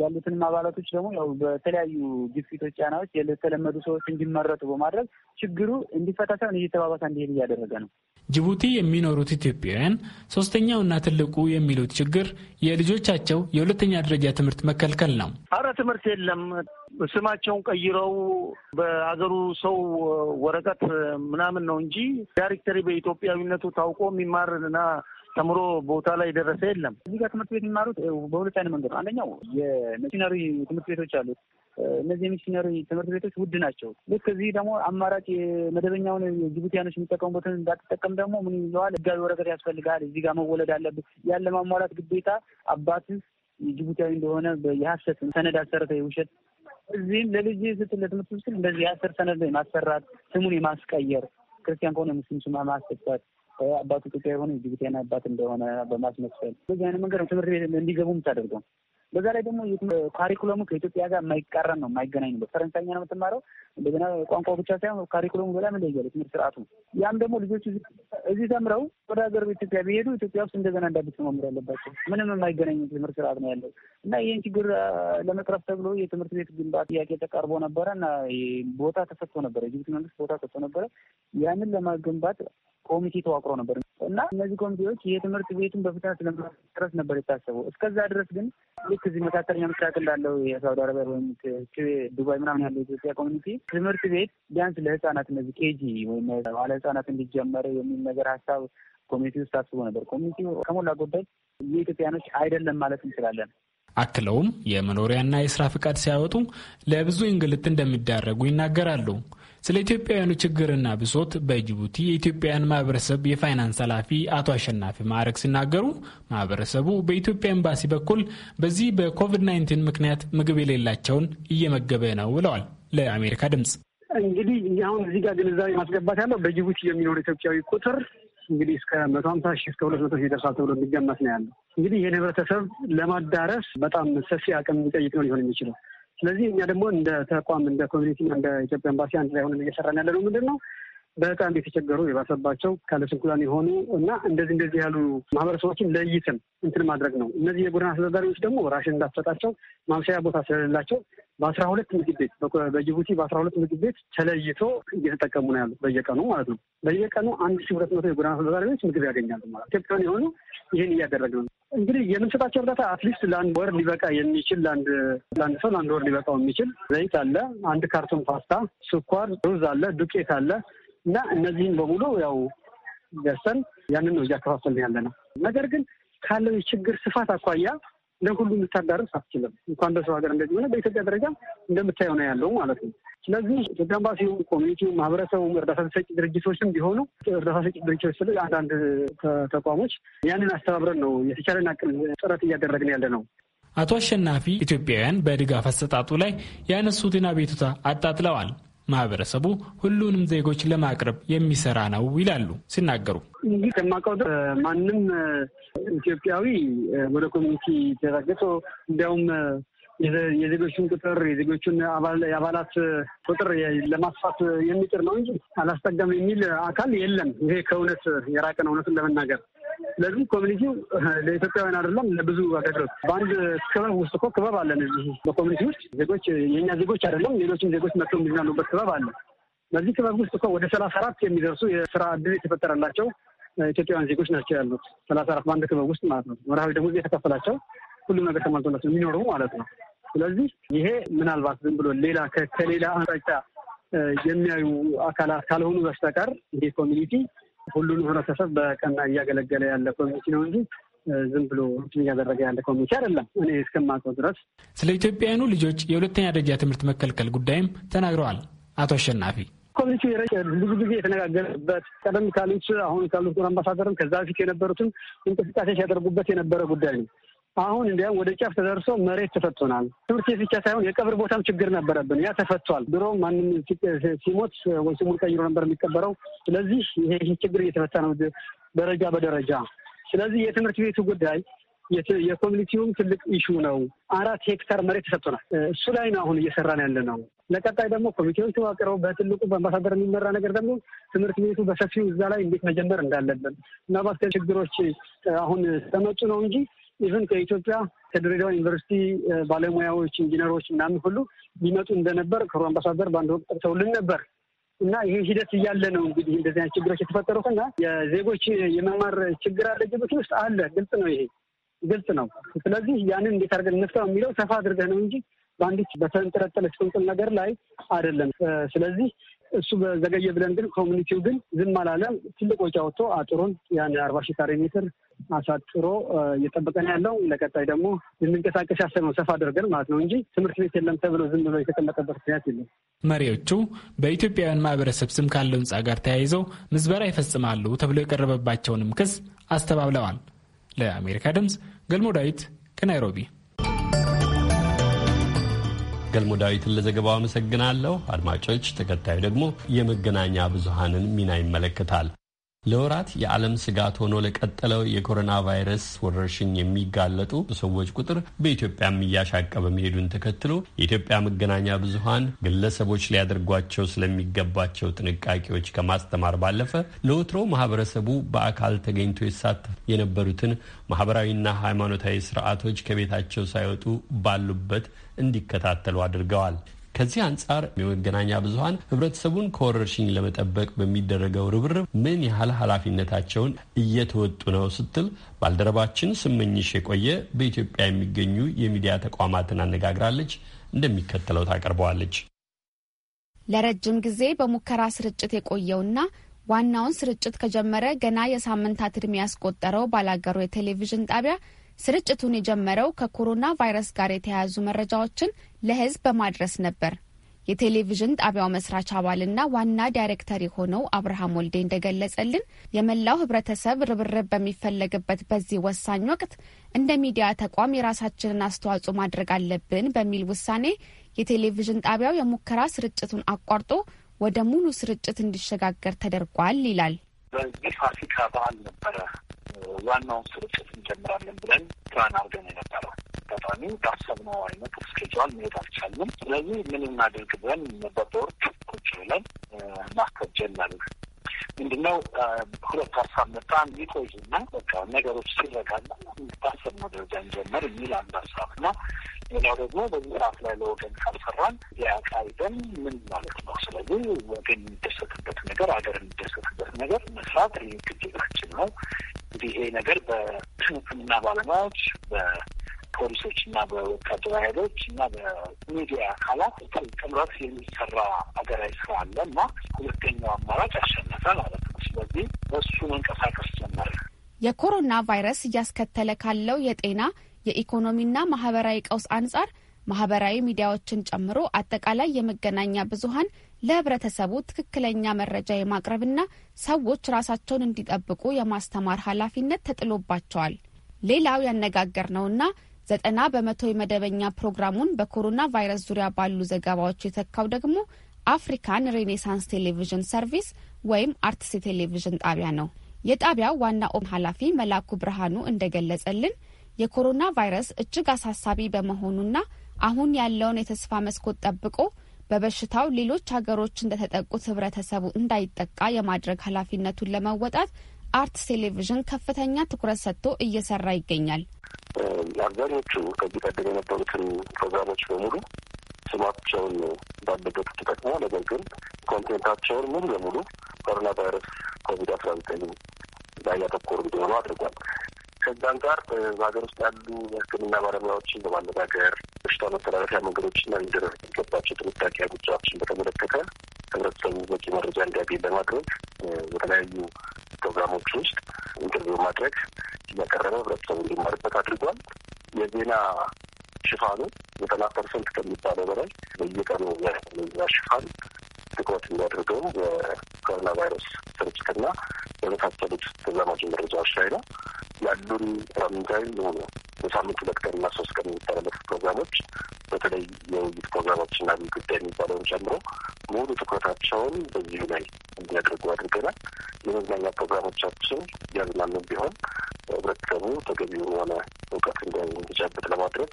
ያሉትንም አባላቶች ደግሞ ያው በተለያዩ ግፊቶች፣ ጫናዎች የተለመዱ ሰዎች እንዲመረጡ በማድረግ ችግሩ እንዲፈታ ሳይሆን እየተባባሰ እንዲሄድ እያደረገ ነው። ጅቡቲ የሚኖሩት ኢትዮጵያውያን ሶስተኛውና ትልቁ የሚሉት ችግር የልጆቻቸው የሁለተኛ ደረጃ ትምህርት መከልከል ነው። አረ ትምህርት የለም። ስማቸውን ቀይረው በሀገሩ ሰው ወረቀት ምናምን ነው እንጂ ዳይሬክተሪ በኢትዮጵያዊነቱ ታውቆ የሚማርና ተምሮ ቦታ ላይ የደረሰ የለም። እዚህ ጋር ትምህርት ቤት የሚማሩት በሁለት አይነት መንገድ ነው። አንደኛው የሚሽነሪ ትምህርት ቤቶች አሉት። እነዚህ የሚሽነሪ ትምህርት ቤቶች ውድ ናቸው። ልክ እዚህ ደግሞ አማራጭ መደበኛውን ጅቡቲያኖች የሚጠቀሙበትን እንዳትጠቀም ደግሞ ምን ይለዋል፣ ህጋዊ ወረቀት ያስፈልጋል። እዚህ ጋር መወለድ አለብህ። ያን ለማሟላት ግዴታ አባት ጅቡቲያዊ እንደሆነ የሀሰት ሰነድ አሰረተ ውሸት እዚህም ለልጅ ስትል ለትምህርት ስትል እንደዚህ የአስር ሰነድ ማሰራት፣ ስሙን የማስቀየር ክርስቲያን ከሆነ ሙስሊም ስም ማስጠፋት አባቱ ኢትዮጵያ የሆነ የጅቡቲያን አባት እንደሆነ በማስመሰል በዚህ አይነት መንገድ ትምህርት ቤት እንዲገቡ የምታደርገው። በዛ ላይ ደግሞ ካሪኩለሙ ከኢትዮጵያ ጋር የማይቃረን ነው፣ የማይገናኝ ነው። በፈረንሳይኛ ነው የምትማረው። እንደገና ቋንቋ ብቻ ሳይሆን ካሪኩለሙ በጣም ይለያል፣ ትምህርት ስርዓቱ። ያም ደግሞ ልጆች እዚህ ተምረው ወደ ሀገር ኢትዮጵያ ቢሄዱ ኢትዮጵያ ውስጥ እንደገና እንዳዲስ መምር ያለባቸው ምንም የማይገናኝ ትምህርት ስርዓት ነው ያለው እና ይህን ችግር ለመቅረፍ ተብሎ የትምህርት ቤት ግንባታ ጥያቄ ተቃርቦ ነበረ እና ቦታ ተሰጥቶ ነበረ፣ የጅቡቲ መንግስት ቦታ ተሰጥቶ ነበረ። ያንን ለማገንባት ኮሚቴ ተዋቅሮ ነበር እና እነዚህ ኮሚቴዎች የትምህርት ቤቱን በፍጥነት ለማስረስ ነበር የታሰበው። እስከዛ ድረስ ግን ልክ እዚህ መካከለኛ ምስራቅ እንዳለው የሳውዲ አረቢያ ወይም ዱባይ ምናምን ያለው የኢትዮጵያ ኮሚኒቲ ትምህርት ቤት ቢያንስ ለህጻናት እነዚህ ኬጂ ወይም ባለ ህጻናት እንዲጀመር የሚል ነገር ሀሳብ ኮሚኒቲ ውስጥ አስቦ ነበር። ኮሚኒቲ ከሞላ ጎደል የኢትዮጵያኖች አይደለም ማለት እንችላለን። አክለውም የመኖሪያና የስራ ፍቃድ ሲያወጡ ለብዙ እንግልት እንደሚዳረጉ ይናገራሉ። ስለ ኢትዮጵያውያኑ ችግርና ብሶት በጅቡቲ የኢትዮጵያውያን ማህበረሰብ የፋይናንስ ኃላፊ አቶ አሸናፊ ማዕረግ ሲናገሩ ማህበረሰቡ በኢትዮጵያ ኤምባሲ በኩል በዚህ በኮቪድ-19 ምክንያት ምግብ የሌላቸውን እየመገበ ነው ብለዋል። ለአሜሪካ ድምጽ እንግዲህ አሁን እዚህ ጋር ግንዛቤ ማስገባት ያለው በጅቡቲ የሚኖር ኢትዮጵያዊ ቁጥር እንግዲህ እስከ መቶ ሀምሳ ሺህ እስከ ሁለት መቶ ሺህ ይደርሳል ተብሎ የሚገመት ነው ያለው። እንግዲህ ይህን ህብረተሰብ ለማዳረስ በጣም ሰፊ አቅም የሚጠይቅ ነው ሊሆን የሚችለው ስለዚህ እኛ ደግሞ እንደ ተቋም እንደ ኮሚኒቲ እንደ ኢትዮጵያ ኤምባሲ አንድ ላይ ሆነን እየሰራን ያለ ነው ምንድን ነው በጣም የተቸገሩ የባሰባቸው ካለስንኩላን የሆኑ እና እንደዚህ እንደዚህ ያሉ ማህበረሰቦችን ለይትን እንትን ማድረግ ነው። እነዚህ የጎዳና አስተዳዳሪዎች ደግሞ ራሽን እንዳትሰጣቸው ማብሰያ ቦታ ስለሌላቸው በአስራ ሁለት ምግብ ቤት በጅቡቲ በአስራ ሁለት ምግብ ቤት ተለይቶ እየተጠቀሙ ነው ያሉት በየቀኑ ማለት ነው። በየቀኑ አንድ ሺ ሁለት መቶ የጎዳና አስተዳዳሪዎች ምግብ ያገኛሉ ማለት ኢትዮጵያን የሆኑ ይህን እያደረግ ነው። እንግዲህ የምንሰጣቸው እርዳታ አትሊስት ለአንድ ወር ሊበቃ የሚችል ለአንድ ሰው ለአንድ ወር ሊበቃው የሚችል ዘይት አለ፣ አንድ ካርቶን ፓስታ፣ ስኳር፣ ሩዝ አለ፣ ዱቄት አለ እና እነዚህን በሙሉ ያው ደርሰን ያንን ነው እያከፋፈል ያለ ነው። ነገር ግን ካለው የችግር ስፋት አኳያ ለሁሉ የምታዳርስ አትችልም። እንኳን በሰው ሀገር እንደዚህ ሆነ በኢትዮጵያ ደረጃ እንደምታየው ነው ያለው ማለት ነው። ስለዚህ ኢትዮጵያ ኤምባሲው፣ ኮሚኒቲው፣ ማህበረሰቡ፣ እርዳታ ሰጪ ድርጅቶችም ቢሆኑ እርዳታ ሰጪ ድርጅቶች ስለ አንዳንድ ተቋሞች ያንን አስተባብረን ነው የተቻለን አቅም ጥረት እያደረግን ያለ ነው። አቶ አሸናፊ ኢትዮጵያውያን በድጋፍ አሰጣጡ ላይ ያነሱትን አቤቱታ አጣጥለዋል። ማህበረሰቡ ሁሉንም ዜጎች ለማቅረብ የሚሰራ ነው ይላሉ ሲናገሩ። እንግዲህ ከማውቀው ማንም ኢትዮጵያዊ ወደ ኮሚኒቲ ተጠግቶ እንዲያውም የዜጎችን ቁጥር የዜጎችን የአባላት ቁጥር ለማስፋት የሚጥር ነው እንጂ አላስጠጋም የሚል አካል የለም። ይሄ ከእውነት የራቀን እውነቱን ለመናገር ስለዚህ ኮሚኒቲው ለኢትዮጵያውያን አይደለም ለብዙ አገልግሎት በአንድ ክበብ ውስጥ እኮ ክበብ አለን። በኮሚኒቲ ውስጥ ዜጎች የእኛ ዜጎች አይደለም ሌሎችም ዜጎች መጥቶ የሚዝናኑበት ክበብ አለ። በዚህ ክበብ ውስጥ እኮ ወደ ሰላሳ አራት የሚደርሱ የስራ እድል የተፈጠረላቸው ኢትዮጵያውያን ዜጎች ናቸው ያሉት። ሰላሳ አራት በአንድ ክበብ ውስጥ ማለት ነው። ወርሃዊ ደግሞ የተከፈላቸው ሁሉም ነገር ተሟልቶላቸው የሚኖሩ ማለት ነው። ስለዚህ ይሄ ምናልባት ዝም ብሎ ሌላ ከሌላ አቅጣጫ የሚያዩ አካላት ካልሆኑ በስተቀር ይሄ ኮሚኒቲ ሁሉን ህብረተሰብ በቀና እያገለገለ ያለ ኮሚኒቲ ነው እንጂ ዝም ብሎ እያደረገ ያለ ኮሚቴ አይደለም። እኔ እስከማውቀው ድረስ ስለ ኢትዮጵያውያኑ ልጆች የሁለተኛ ደረጃ ትምህርት መከልከል ጉዳይም ተናግረዋል አቶ አሸናፊ። ኮሚኒቲ ብዙ ጊዜ የተነጋገረበት ቀደም ካሉት አሁን ካሉት አምባሳደርም ከዛ በፊት የነበሩትም እንቅስቃሴ ሲያደርጉበት የነበረ ጉዳይ ነው። አሁን እንዲያውም ወደ ጫፍ ተደርሶ መሬት ተፈቶናል። ትምህርት ቤት ብቻ ሳይሆን የቀብር ቦታም ችግር ነበረብን፣ ያ ተፈቷል። ድሮ ማንም ሲሞት ስሙን ቀይሮ ነበር የሚቀበረው። ስለዚህ ይሄ ችግር እየተፈታ ነው ደረጃ በደረጃ። ስለዚህ የትምህርት ቤቱ ጉዳይ የኮሚኒቲውም ትልቅ ኢሹ ነው። አራት ሄክታር መሬት ተሰጥቶናል። እሱ ላይ ነው አሁን እየሰራን ያለ ነው። ለቀጣይ ደግሞ ኮሚቴዎች ተዋቅረው በትልቁ በአምባሳደር የሚመራ ነገር ደግሞ ትምህርት ቤቱ በሰፊው እዛ ላይ እንዴት መጀመር እንዳለብን እና ባስ ችግሮች አሁን ተመጡ ነው እንጂ ኢቨን ከኢትዮጵያ ከድሬዳዋ ዩኒቨርሲቲ ባለሙያዎች፣ ኢንጂነሮች ምናምን ሁሉ ሊመጡ እንደነበር ክቡር አምባሳደር በአንድ ወቅት ጠርተውልን ነበር እና ይሄ ሂደት እያለ ነው እንግዲህ እንደዚህ አይነት ችግሮች የተፈጠሩት እና የዜጎች የመማር ችግር አለ ጅቡቲ ውስጥ አለ። ግልጽ ነው፣ ይሄ ግልጽ ነው። ስለዚህ ያንን እንዴት አድርገን እንፍታው የሚለው ሰፋ አድርገህ ነው እንጂ በአንዲት በተንጠለጠለች ቁንጥል ነገር ላይ አይደለም። ስለዚህ እሱ በዘገየ ብለን ግን ኮሚኒቲው ግን ዝም አላለም። ትልቅ ወጪ አውጥቶ አጥሩን ያን አርባ ሺህ ካሬ ሜትር አሳጥሮ እየጠበቀን ያለው። ለቀጣይ ደግሞ ልንንቀሳቀስ ያሰብነው ሰፋ አድርገን ማለት ነው እንጂ ትምህርት ቤት የለም ተብሎ ዝም ብሎ የተቀመጠበት ምክንያት የለም። መሪዎቹ በኢትዮጵያውያን ማህበረሰብ ስም ካለው ህንፃ ጋር ተያይዘው ምዝበራ ይፈጽማሉ ተብሎ የቀረበባቸውንም ክስ አስተባብለዋል። ለአሜሪካ ድምፅ ገልሞ ዳዊት ከናይሮቢ ገልሞ ዳዊትን ለዘገባው አመሰግናለሁ። አድማጮች፣ ተከታዩ ደግሞ የመገናኛ ብዙሃንን ሚና ይመለከታል። ለወራት የዓለም ስጋት ሆኖ ለቀጠለው የኮሮና ቫይረስ ወረርሽኝ የሚጋለጡ ሰዎች ቁጥር በኢትዮጵያም እያሻቀበ መሄዱን ተከትሎ የኢትዮጵያ መገናኛ ብዙኃን ግለሰቦች ሊያደርጓቸው ስለሚገባቸው ጥንቃቄዎች ከማስተማር ባለፈ ለወትሮ ማህበረሰቡ በአካል ተገኝቶ ይሳተፍ የነበሩትን ማህበራዊና ሃይማኖታዊ ስርዓቶች ከቤታቸው ሳይወጡ ባሉበት እንዲከታተሉ አድርገዋል። ከዚህ አንጻር የመገናኛ ብዙሀን ህብረተሰቡን ከወረርሽኝ ለመጠበቅ በሚደረገው ርብርብ ምን ያህል ኃላፊነታቸውን እየተወጡ ነው ስትል ባልደረባችን ስመኝሽ የቆየ በኢትዮጵያ የሚገኙ የሚዲያ ተቋማትን አነጋግራለች። እንደሚከተለው ታቀርበዋለች። ለረጅም ጊዜ በሙከራ ስርጭት የቆየውና ዋናውን ስርጭት ከጀመረ ገና የሳምንታት እድሜ ያስቆጠረው ባላገሩ የቴሌቪዥን ጣቢያ ስርጭቱን የጀመረው ከኮሮና ቫይረስ ጋር የተያያዙ መረጃዎችን ለህዝብ በማድረስ ነበር። የቴሌቪዥን ጣቢያው መስራች አባልና ዋና ዳይሬክተር የሆነው አብርሃም ወልዴ እንደገለጸልን የመላው ህብረተሰብ ርብርብ በሚፈለግበት በዚህ ወሳኝ ወቅት እንደ ሚዲያ ተቋም የራሳችንን አስተዋጽኦ ማድረግ አለብን በሚል ውሳኔ የቴሌቪዥን ጣቢያው የሙከራ ስርጭቱን አቋርጦ ወደ ሙሉ ስርጭት እንዲሸጋገር ተደርጓል ይላል። በዚህ ፋሲካ በዓል ነበረ ዋናውን ስርጭት እንጀምራለን ብለን ፕላን አድርገን የነበረው አጋጣሚ ባሰብነው አይነት እስኬጅዋል መሄድ አልቻልንም። ስለዚህ ምን እናድርግ ብለን በቦርድ ቁጭ ብለን ማስከጀል ምንድነው ሁለት ሀሳብ መጣን ይቆይና በቃ ነገሮች ሲረጋጋ ታሰብነው ደረጃ እንጀምር የሚል አንድ ሀሳብ እና ሌላው ደግሞ በዚህ ሰዓት ላይ ለወገን ካልሰራን የአቃይደን ምን ማለት ነው? ስለዚህ ወገን የሚደሰትበት ነገር አገር የሚደሰትበት ነገር መስራት ግዴታችን ነው። እንግዲህ ይሄ ነገር በሕክምና ባለሙያዎች በ በፖሊሶች እና በወታደራዊ ኃይሎች እና በሚዲያ አካላት ጥምረት የሚሰራ ሀገራዊ ስራ አለ እና ሁለተኛው አማራጭ አሸነፈ ማለት ነው። ስለዚህ በሱ መንቀሳቀስ ጀመረ። የኮሮና ቫይረስ እያስከተለ ካለው የጤና የኢኮኖሚና ማህበራዊ ቀውስ አንጻር ማህበራዊ ሚዲያዎችን ጨምሮ አጠቃላይ የመገናኛ ብዙሀን ለህብረተሰቡ ትክክለኛ መረጃ የማቅረብና ሰዎች ራሳቸውን እንዲጠብቁ የማስተማር ኃላፊነት ተጥሎባቸዋል። ሌላው ያነጋገር ነውና ዘጠና በመቶ የመደበኛ ፕሮግራሙን በኮሮና ቫይረስ ዙሪያ ባሉ ዘገባዎች የተካው ደግሞ አፍሪካን ሬኔሳንስ ቴሌቪዥን ሰርቪስ ወይም አርትስ ቴሌቪዥን ጣቢያ ነው። የጣቢያው ዋና ኦም ኃላፊ መላኩ ብርሃኑ እንደገለጸልን የኮሮና ቫይረስ እጅግ አሳሳቢ በመሆኑና አሁን ያለውን የተስፋ መስኮት ጠብቆ በበሽታው ሌሎች ሀገሮች እንደተጠቁት ህብረተሰቡ እንዳይጠቃ የማድረግ ኃላፊነቱን ለመወጣት አርትስ ቴሌቪዥን ከፍተኛ ትኩረት ሰጥቶ እየሰራ ይገኛል። አብዛኞቹ ከዚህ ቀደም የነበሩትን ፕሮግራሞች በሙሉ ስማቸውን ባለበት ተጠቅሞ ነገር ግን ኮንቴንታቸውን ሙሉ ለሙሉ ኮሮና ቫይረስ ኮቪድ አስራ ዘጠኝ ላይ ያተኮሩ እንዲሆኑ አድርጓል። ከዛ አንጻር በሀገር ውስጥ ያሉ የሕክምና ባለሙያዎችን በማነጋገር በሽታ መተላለፊያ መንገዶችና ሊደረግ የሚገባቸው ጥንቃቄ እርምጃዎችን በተመለከተ ህብረተሰቡ በቂ መረጃ እንዲያገኝ ለማድረግ በተለያዩ ፕሮግራሞች ውስጥ ኢንተርቪው ማድረግ እያቀረበ ህብረተሰቡ እንዲማርበት አድርጓል። የዜና ሽፋኑ ዘጠና ፐርሰንት ከሚባለው በላይ በየቀኑ የዜና ሽፋን ትኩረት የሚያደርገው የኮሮና ቫይረስ ስርጭትና የመሳሰሉት ተዛማጅ መረጃዎች ላይ ነው። ያሉን ሳምንታዊ የሆኑ የሳምንት ሁለት ቀን እና ሶስት ቀን የሚተላለፉት ፕሮግራሞች በተለይ የውይይት ፕሮግራሞችና ጉዳይ የሚባለውን ጨምሮ ሙሉ ትኩረታቸውን በዚሁ ላይ እንዲያደርጉ አድርገናል። የመዝናኛ ፕሮግራሞቻችን ያዝናኑ ቢሆን ህብረተሰቡ ተገቢውን የሆነ እውቀት እንዲጨብጥ ለማድረግ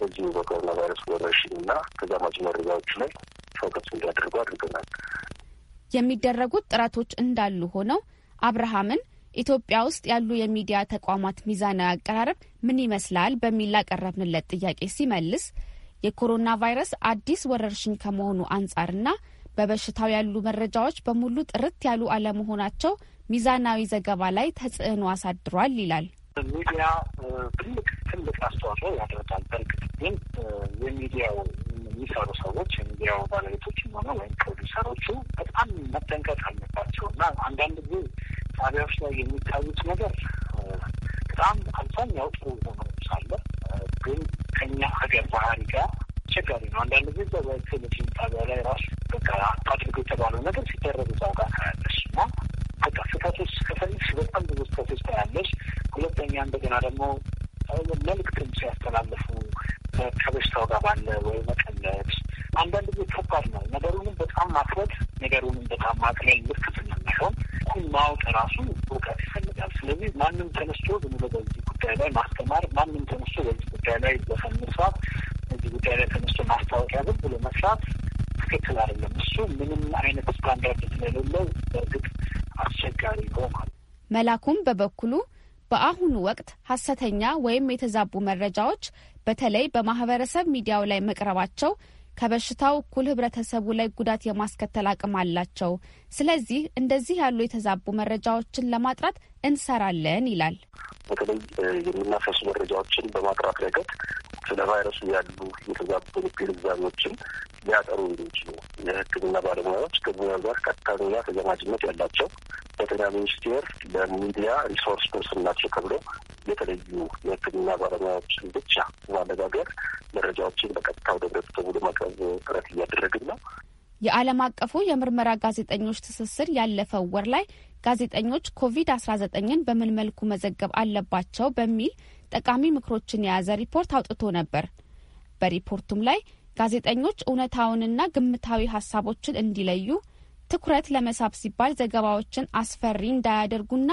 በዚሁ በኮሮና ቫይረስ ወረርሽኝና ተዛማጅ መረጃዎች ላይ ፎከስ እንዲያደርጉ አድርገናል። የሚደረጉት ጥረቶች እንዳሉ ሆነው አብርሃምን ኢትዮጵያ ውስጥ ያሉ የሚዲያ ተቋማት ሚዛናዊ አቀራረብ ምን ይመስላል በሚል ላቀረብንለት ጥያቄ ሲመልስ የኮሮና ቫይረስ አዲስ ወረርሽኝ ከመሆኑ አንጻርና በበሽታው ያሉ መረጃዎች በሙሉ ጥርት ያሉ አለመሆናቸው ሚዛናዊ ዘገባ ላይ ተጽዕኖ አሳድሯል ይላል። ሚዲያ ትልቅ ትልቅ አስተዋጽኦ ያደርጋል። በእርግጥ ግን የሚዲያው የሚሰሩ ያው ባለቤቶችም ሆነ ወይም ፕሮዲሰሮቹ በጣም መጠንቀቅ አለባቸው እና አንዳንድ ጊዜ ጣቢያዎች ላይ የሚ መላኩም በበኩሉ በአሁኑ ወቅት ሀሰተኛ ወይም የተዛቡ መረጃዎች በተለይ በማህበረሰብ ሚዲያው ላይ መቅረባቸው ከበሽታው እኩል ህብረተሰቡ ላይ ጉዳት የማስከተል አቅም አላቸው። ስለዚህ እንደዚህ ያሉ የተዛቡ መረጃዎችን ለማጥራት እንሰራለን ይላል። በተለይ የሚናፈሱ መረጃዎችን በማቅራት ረገድ ስለ ቫይረሱ ያሉ የተዛቡ ግንዛቤዎችን ሊያጠሩ የሚችሉ የሕክምና ባለሙያዎች ከሙያ ጋር ቀጥታና ተዘማጅነት ያላቸው በጤና ሚኒስቴር በሚዲያ ሪሶርስ ፐርሰን ናቸው ተብሎ የተለዩ የሕክምና ባለሙያዎችን ብቻ ማነጋገር መረጃዎችን በቀጥታ ወደ ህብረተሰቡ ለማቅረብ ጥረት እያደረግን ነው። የዓለም አቀፉ የምርመራ ጋዜጠኞች ትስስር ያለፈው ወር ላይ ጋዜጠኞች ኮቪድ አስራ ዘጠኝን በምን መልኩ መዘገብ አለባቸው በሚል ጠቃሚ ምክሮችን የያዘ ሪፖርት አውጥቶ ነበር። በሪፖርቱም ላይ ጋዜጠኞች እውነታውንና ግምታዊ ሀሳቦችን እንዲለዩ ትኩረት ለመሳብ ሲባል ዘገባዎችን አስፈሪ እንዳያደርጉና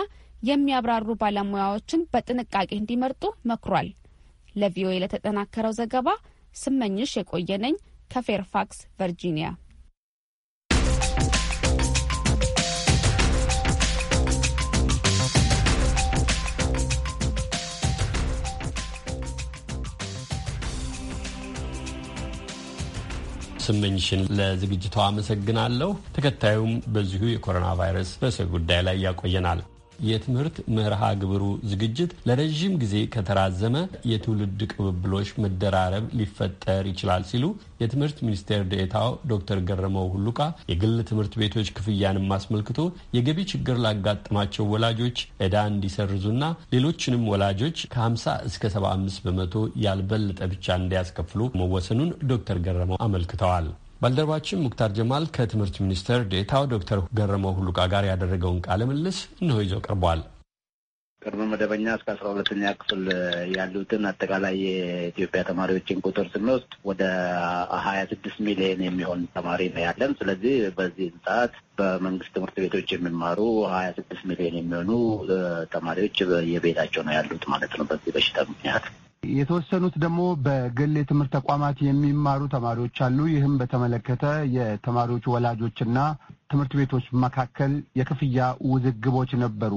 የሚያብራሩ ባለሙያዎችን በጥንቃቄ እንዲመርጡ መክሯል። ለቪኦኤ ለተጠናከረው ዘገባ ስመኝሽ የቆየነኝ ከፌርፋክስ ቨርጂኒያ ስመኝሽን ለዝግጅቷ አመሰግናለሁ። ተከታዩም በዚሁ የኮሮና ቫይረስ በሰ ጉዳይ ላይ ያቆየናል። የትምህርት መርሃ ግብሩ ዝግጅት ለረዥም ጊዜ ከተራዘመ የትውልድ ቅብብሎች መደራረብ ሊፈጠር ይችላል ሲሉ የትምህርት ሚኒስቴር ዴኤታው ዶክተር ገረመው ሁሉቃ የግል ትምህርት ቤቶች ክፍያንም አስመልክቶ የገቢ ችግር ላጋጠማቸው ወላጆች እዳ እንዲሰርዙና ሌሎችንም ወላጆች ከ50 እስከ 75 በመቶ ያልበለጠ ብቻ እንዲያስከፍሉ መወሰኑን ዶክተር ገረመው አመልክተዋል። ባልደረባችን ሙክታር ጀማል ከትምህርት ሚኒስቴር ዴታው ዶክተር ገረመው ሁሉቃ ጋር ያደረገውን ቃለ ምልልስ እንሆ ይዞ ቀርቧል። ቅድመ መደበኛ እስከ አስራ ሁለተኛ ክፍል ያሉትን አጠቃላይ የኢትዮጵያ ተማሪዎችን ቁጥር ስንወስድ ወደ ሀያ ስድስት ሚሊዮን የሚሆን ተማሪ ነው ያለን። ስለዚህ በዚህ ሰዓት በመንግስት ትምህርት ቤቶች የሚማሩ ሀያ ስድስት ሚሊዮን የሚሆኑ ተማሪዎች የቤታቸው ነው ያሉት ማለት ነው በዚህ በሽታ ምክንያት የተወሰኑት ደግሞ በግል የትምህርት ተቋማት የሚማሩ ተማሪዎች አሉ። ይህም በተመለከተ የተማሪዎቹ ወላጆችና ትምህርት ቤቶች መካከል የክፍያ ውዝግቦች ነበሩ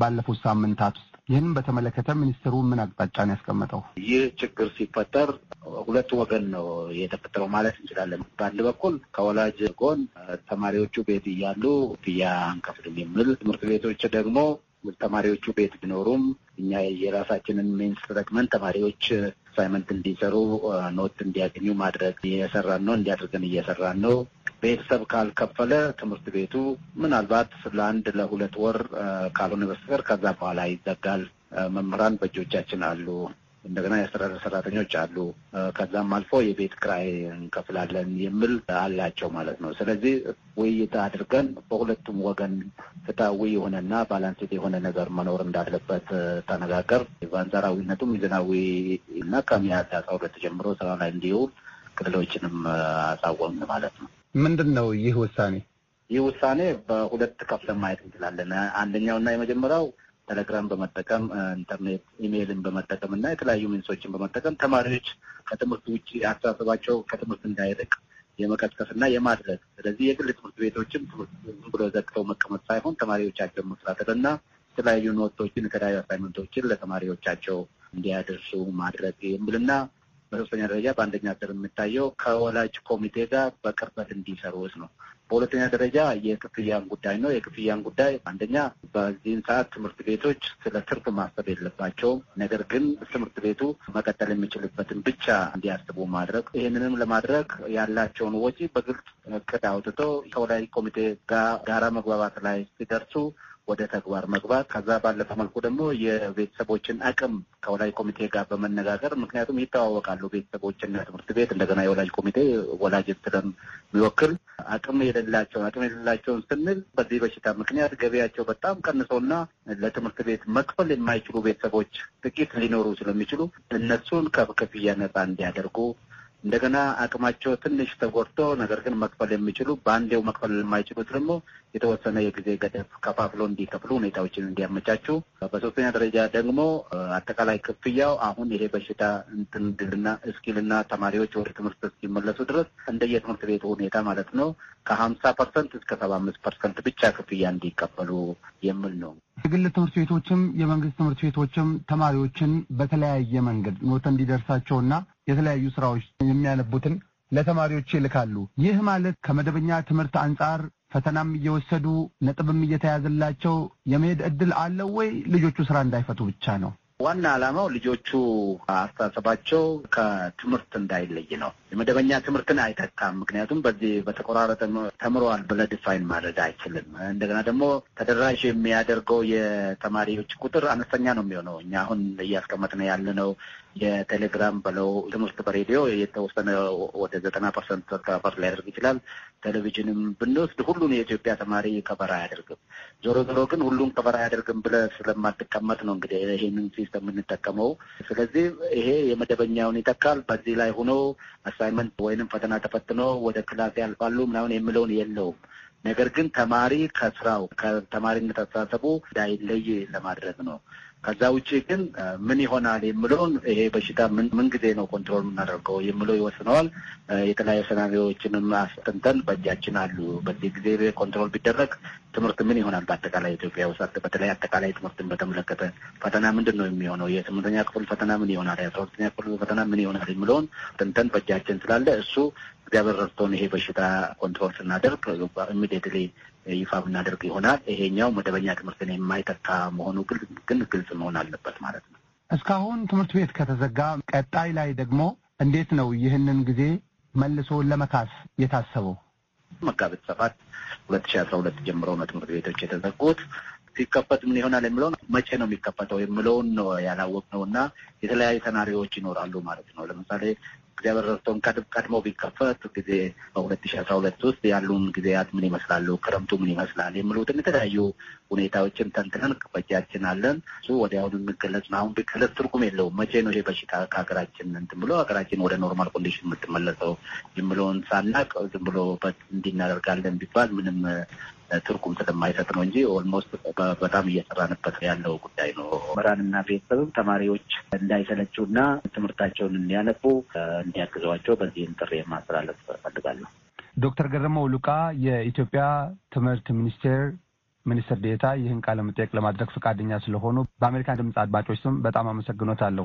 ባለፉት ሳምንታት ውስጥ። ይህንም በተመለከተ ሚኒስትሩ ምን አቅጣጫ ነው ያስቀመጠው? ይህ ችግር ሲፈጠር ሁለት ወገን ነው የተፈጠረው ማለት እንችላለን። በአንድ በኩል ከወላጅ ጎን ተማሪዎቹ ቤት እያሉ ክፍያ አንከፍልም የሚል ትምህርት ቤቶች ደግሞ ተማሪዎቹ ቤት ቢኖሩም እኛ የራሳችንን ሜንስ ተጠቅመን ተማሪዎች አሳይመንት uh, እንዲሰሩ ኖት uh, እንዲያገኙ ማድረግ እየሰራን ነው። እንዲያደርገን እየሰራን ነው። ቤተሰብ ካልከፈለ ትምህርት ቤቱ ምናልባት ለአንድ ለሁለት ወር uh, ካልሆነ በስተቀር ከዛ በኋላ ይዘጋል። መምህራን በእጆቻችን አሉ። እንደገና የአስተዳደር ሰራተኞች አሉ። ከዛም አልፎ የቤት ክራይ እንከፍላለን የሚል አላቸው ማለት ነው። ስለዚህ ውይይት አድርገን በሁለቱም ወገን ፍትሐዊ የሆነና ባላንሴት የሆነ ነገር መኖር እንዳለበት ተነጋገር። በአንጻራዊነቱም ሚዛናዊ እና ከሚያዝያ አስራ ሁለት ጀምሮ ስራ ላይ እንዲውል ክልሎችንም አሳወምን ማለት ነው። ምንድን ነው ይህ ውሳኔ? ይህ ውሳኔ በሁለት ከፍለን ማየት እንችላለን። አንደኛውና የመጀመሪያው ቴሌግራም በመጠቀም ኢንተርኔት ኢሜይልን በመጠቀም እና የተለያዩ ሚንሶችን በመጠቀም ተማሪዎች ከትምህርት ውጭ አስተሳሰባቸው ከትምህርት እንዳይርቅ የመቀስቀስ እና የማድረግ ስለዚህ የግል ትምህርት ቤቶችም ዝም ብሎ ዘግተው መቀመጥ ሳይሆን ተማሪዎቻቸው መከታተል እና የተለያዩ ኖቶችን የተለያዩ አሳይመንቶችን ለተማሪዎቻቸው እንዲያደርሱ ማድረግ የሚልና በሶስተኛ ደረጃ በአንደኛ ስር የሚታየው ከወላጅ ኮሚቴ ጋር በቅርበት እንዲሰሩ ነው። በሁለተኛ ደረጃ የክፍያን ጉዳይ ነው። የክፍያን ጉዳይ አንደኛ በዚህን ሰዓት ትምህርት ቤቶች ስለ ትርፍ ማሰብ የለባቸውም። ነገር ግን ትምህርት ቤቱ መቀጠል የሚችልበትን ብቻ እንዲያስቡ ማድረግ፣ ይህንንም ለማድረግ ያላቸውን ወጪ በግልጽ እቅድ አውጥቶ ከወላጅ ኮሚቴ ጋር ጋራ መግባባት ላይ ሲደርሱ ወደ ተግባር መግባት ከዛ ባለፈ መልኩ ደግሞ የቤተሰቦችን አቅም ከወላጅ ኮሚቴ ጋር በመነጋገር ምክንያቱም ይተዋወቃሉ ቤተሰቦችና ትምህርት ቤት እንደገና የወላጅ ኮሚቴ ወላጅን ስለሚወክል አቅም የሌላቸውን አቅም የሌላቸውን ስንል በዚህ በሽታ ምክንያት ገቢያቸው በጣም ቀንሰውና ለትምህርት ቤት መክፈል የማይችሉ ቤተሰቦች ጥቂት ሊኖሩ ስለሚችሉ እነሱን ከክፍያ ነፃ እንዲያደርጉ እንደገና አቅማቸው ትንሽ ተጎድቶ ነገር ግን መክፈል የሚችሉ በአንዴው መክፈል የማይችሉት ደግሞ የተወሰነ የጊዜ ገደብ ከፋፍሎ እንዲከፍሉ ሁኔታዎችን እንዲያመቻቹ፣ በሶስተኛ ደረጃ ደግሞ አጠቃላይ ክፍያው አሁን ይሄ በሽታ እንትንድልና እስኪልና ተማሪዎች ወደ ትምህርት እስኪመለሱ ድረስ እንደየ ትምህርት ቤቱ ሁኔታ ማለት ነው ከሀምሳ ፐርሰንት እስከ ሰባ አምስት ፐርሰንት ብቻ ክፍያ እንዲቀበሉ የሚል ነው። የግል ትምህርት ቤቶችም የመንግስት ትምህርት ቤቶችም ተማሪዎችን በተለያየ መንገድ ኖት እንዲደርሳቸውና የተለያዩ ስራዎች የሚያነቡትን ለተማሪዎች ይልካሉ። ይህ ማለት ከመደበኛ ትምህርት አንጻር ፈተናም እየወሰዱ ነጥብም እየተያዘላቸው የመሄድ እድል አለው ወይ? ልጆቹ ስራ እንዳይፈቱ ብቻ ነው? ዋና ዓላማው ልጆቹ አስተሳሰባቸው ከትምህርት እንዳይለይ ነው። የመደበኛ ትምህርትን አይተካም። ምክንያቱም በዚህ በተቆራረጠ ተምሯል ብለህ ዲፋይን ማድረግ አይችልም። እንደገና ደግሞ ተደራሽ የሚያደርገው የተማሪዎች ቁጥር አነስተኛ ነው የሚሆነው። እኛ አሁን እያስቀመጥነው ያለነው የቴሌግራም በለው ትምህርት በሬዲዮ የተወሰነ ወደ ዘጠና ፐርሰንት ከበር ሊያደርግ ይችላል። ቴሌቪዥንም ብንወስድ ሁሉን የኢትዮጵያ ተማሪ ከበር አያደርግም። ዞሮ ዞሮ ግን ሁሉን ከበር አያደርግም ብለ ስለማትቀመጥ ነው እንግዲህ ይህንን ሲስተም የምንጠቀመው። ስለዚህ ይሄ የመደበኛውን ይተካል። በዚህ ላይ ሆኖ አሳይመንት ወይንም ፈተና ተፈትኖ ወደ ክላስ ያልፋሉ ምናምን የሚለውን የለውም። ነገር ግን ተማሪ ከስራው ከተማሪነት አስተሳሰቡ እንዳይለይ ለማድረግ ነው። ከዛ ውጭ ግን ምን ይሆናል የምለውን ይሄ በሽታ ምን ጊዜ ነው ኮንትሮል የምናደርገው የምለው ይወስነዋል። የተለያዩ ሰናሪዎችንም አስጠንተን በእጃችን አሉ። በዚህ ጊዜ ኮንትሮል ቢደረግ ትምህርት ምን ይሆናል? በአጠቃላይ ኢትዮጵያ ውስጥ በተለይ አጠቃላይ ትምህርትን በተመለከተ ፈተና ምንድን ነው የሚሆነው? የስምንተኛ ክፍል ፈተና ምን ይሆናል? የአስራ ሁለተኛ ክፍል ፈተና ምን ይሆናል? የምለውን አስጠንተን በእጃችን ስላለ እሱ እግዚአብሔር ረድቶን ይሄ በሽታ ኮንትሮል ስናደርግ ኢሚዲየትሊ ይፋ ብናደርግ ይሆናል። ይሄኛው መደበኛ ትምህርትን የማይተካ መሆኑ ግን ግልጽ መሆን አለበት ማለት ነው። እስካሁን ትምህርት ቤት ከተዘጋ ቀጣይ ላይ ደግሞ እንዴት ነው ይህንን ጊዜ መልሶ ለመካስ የታሰበው? መጋቢት ሰባት ሁለት ሺ አስራ ሁለት ጀምሮ ነው ትምህርት ቤቶች የተዘጉት። ሲከፈት ምን ይሆናል የሚለውን መቼ ነው የሚከፈተው የምለውን ነው ያላወቅነው እና የተለያዩ ተናሪዎች ይኖራሉ ማለት ነው። ለምሳሌ እግዚአብሔር ረድቶን ቀድሞ ቢከፈት ጊዜ በሁለት ሺ አስራ ሁለት ውስጥ ያሉን ጊዜያት ምን ይመስላሉ፣ ክረምቱ ምን ይመስላል የሚሉትን የተለያዩ ሁኔታዎችን ተንትነን በጃችን አለን። እሱ ወዲያውኑ የሚገለጽ አሁን ቢገለጽ ትርጉም የለውም። መቼ ነው ይሄ በሽታ ከሀገራችን እንትን ብሎ ሀገራችን ወደ ኖርማል ኮንዲሽን የምትመለሰው የሚለውን ሳናቅ ዝም ብሎ እንዲናደርጋለን ቢባል ምንም ትርጉም ስለማይሰጥ ነው እንጂ ኦልሞስት በጣም እየሰራንበት ያለው ጉዳይ ነው። መምህራንና ቤተሰብም ተማሪዎች እንዳይሰለችው እና ትምህርታቸውን እንዲያነቡ እንዲያግዘዋቸው በዚህም ጥሪ ማስተላለፍ ፈልጋለሁ። ዶክተር ገረመው ሉቃ የኢትዮጵያ ትምህርት ሚኒስቴር ሚኒስትር ዴታ ይህን ቃለ መጠየቅ ለማድረግ ፈቃደኛ ስለሆኑ በአሜሪካን ድምፅ አድማጮች ስም በጣም አመሰግኖታለሁ።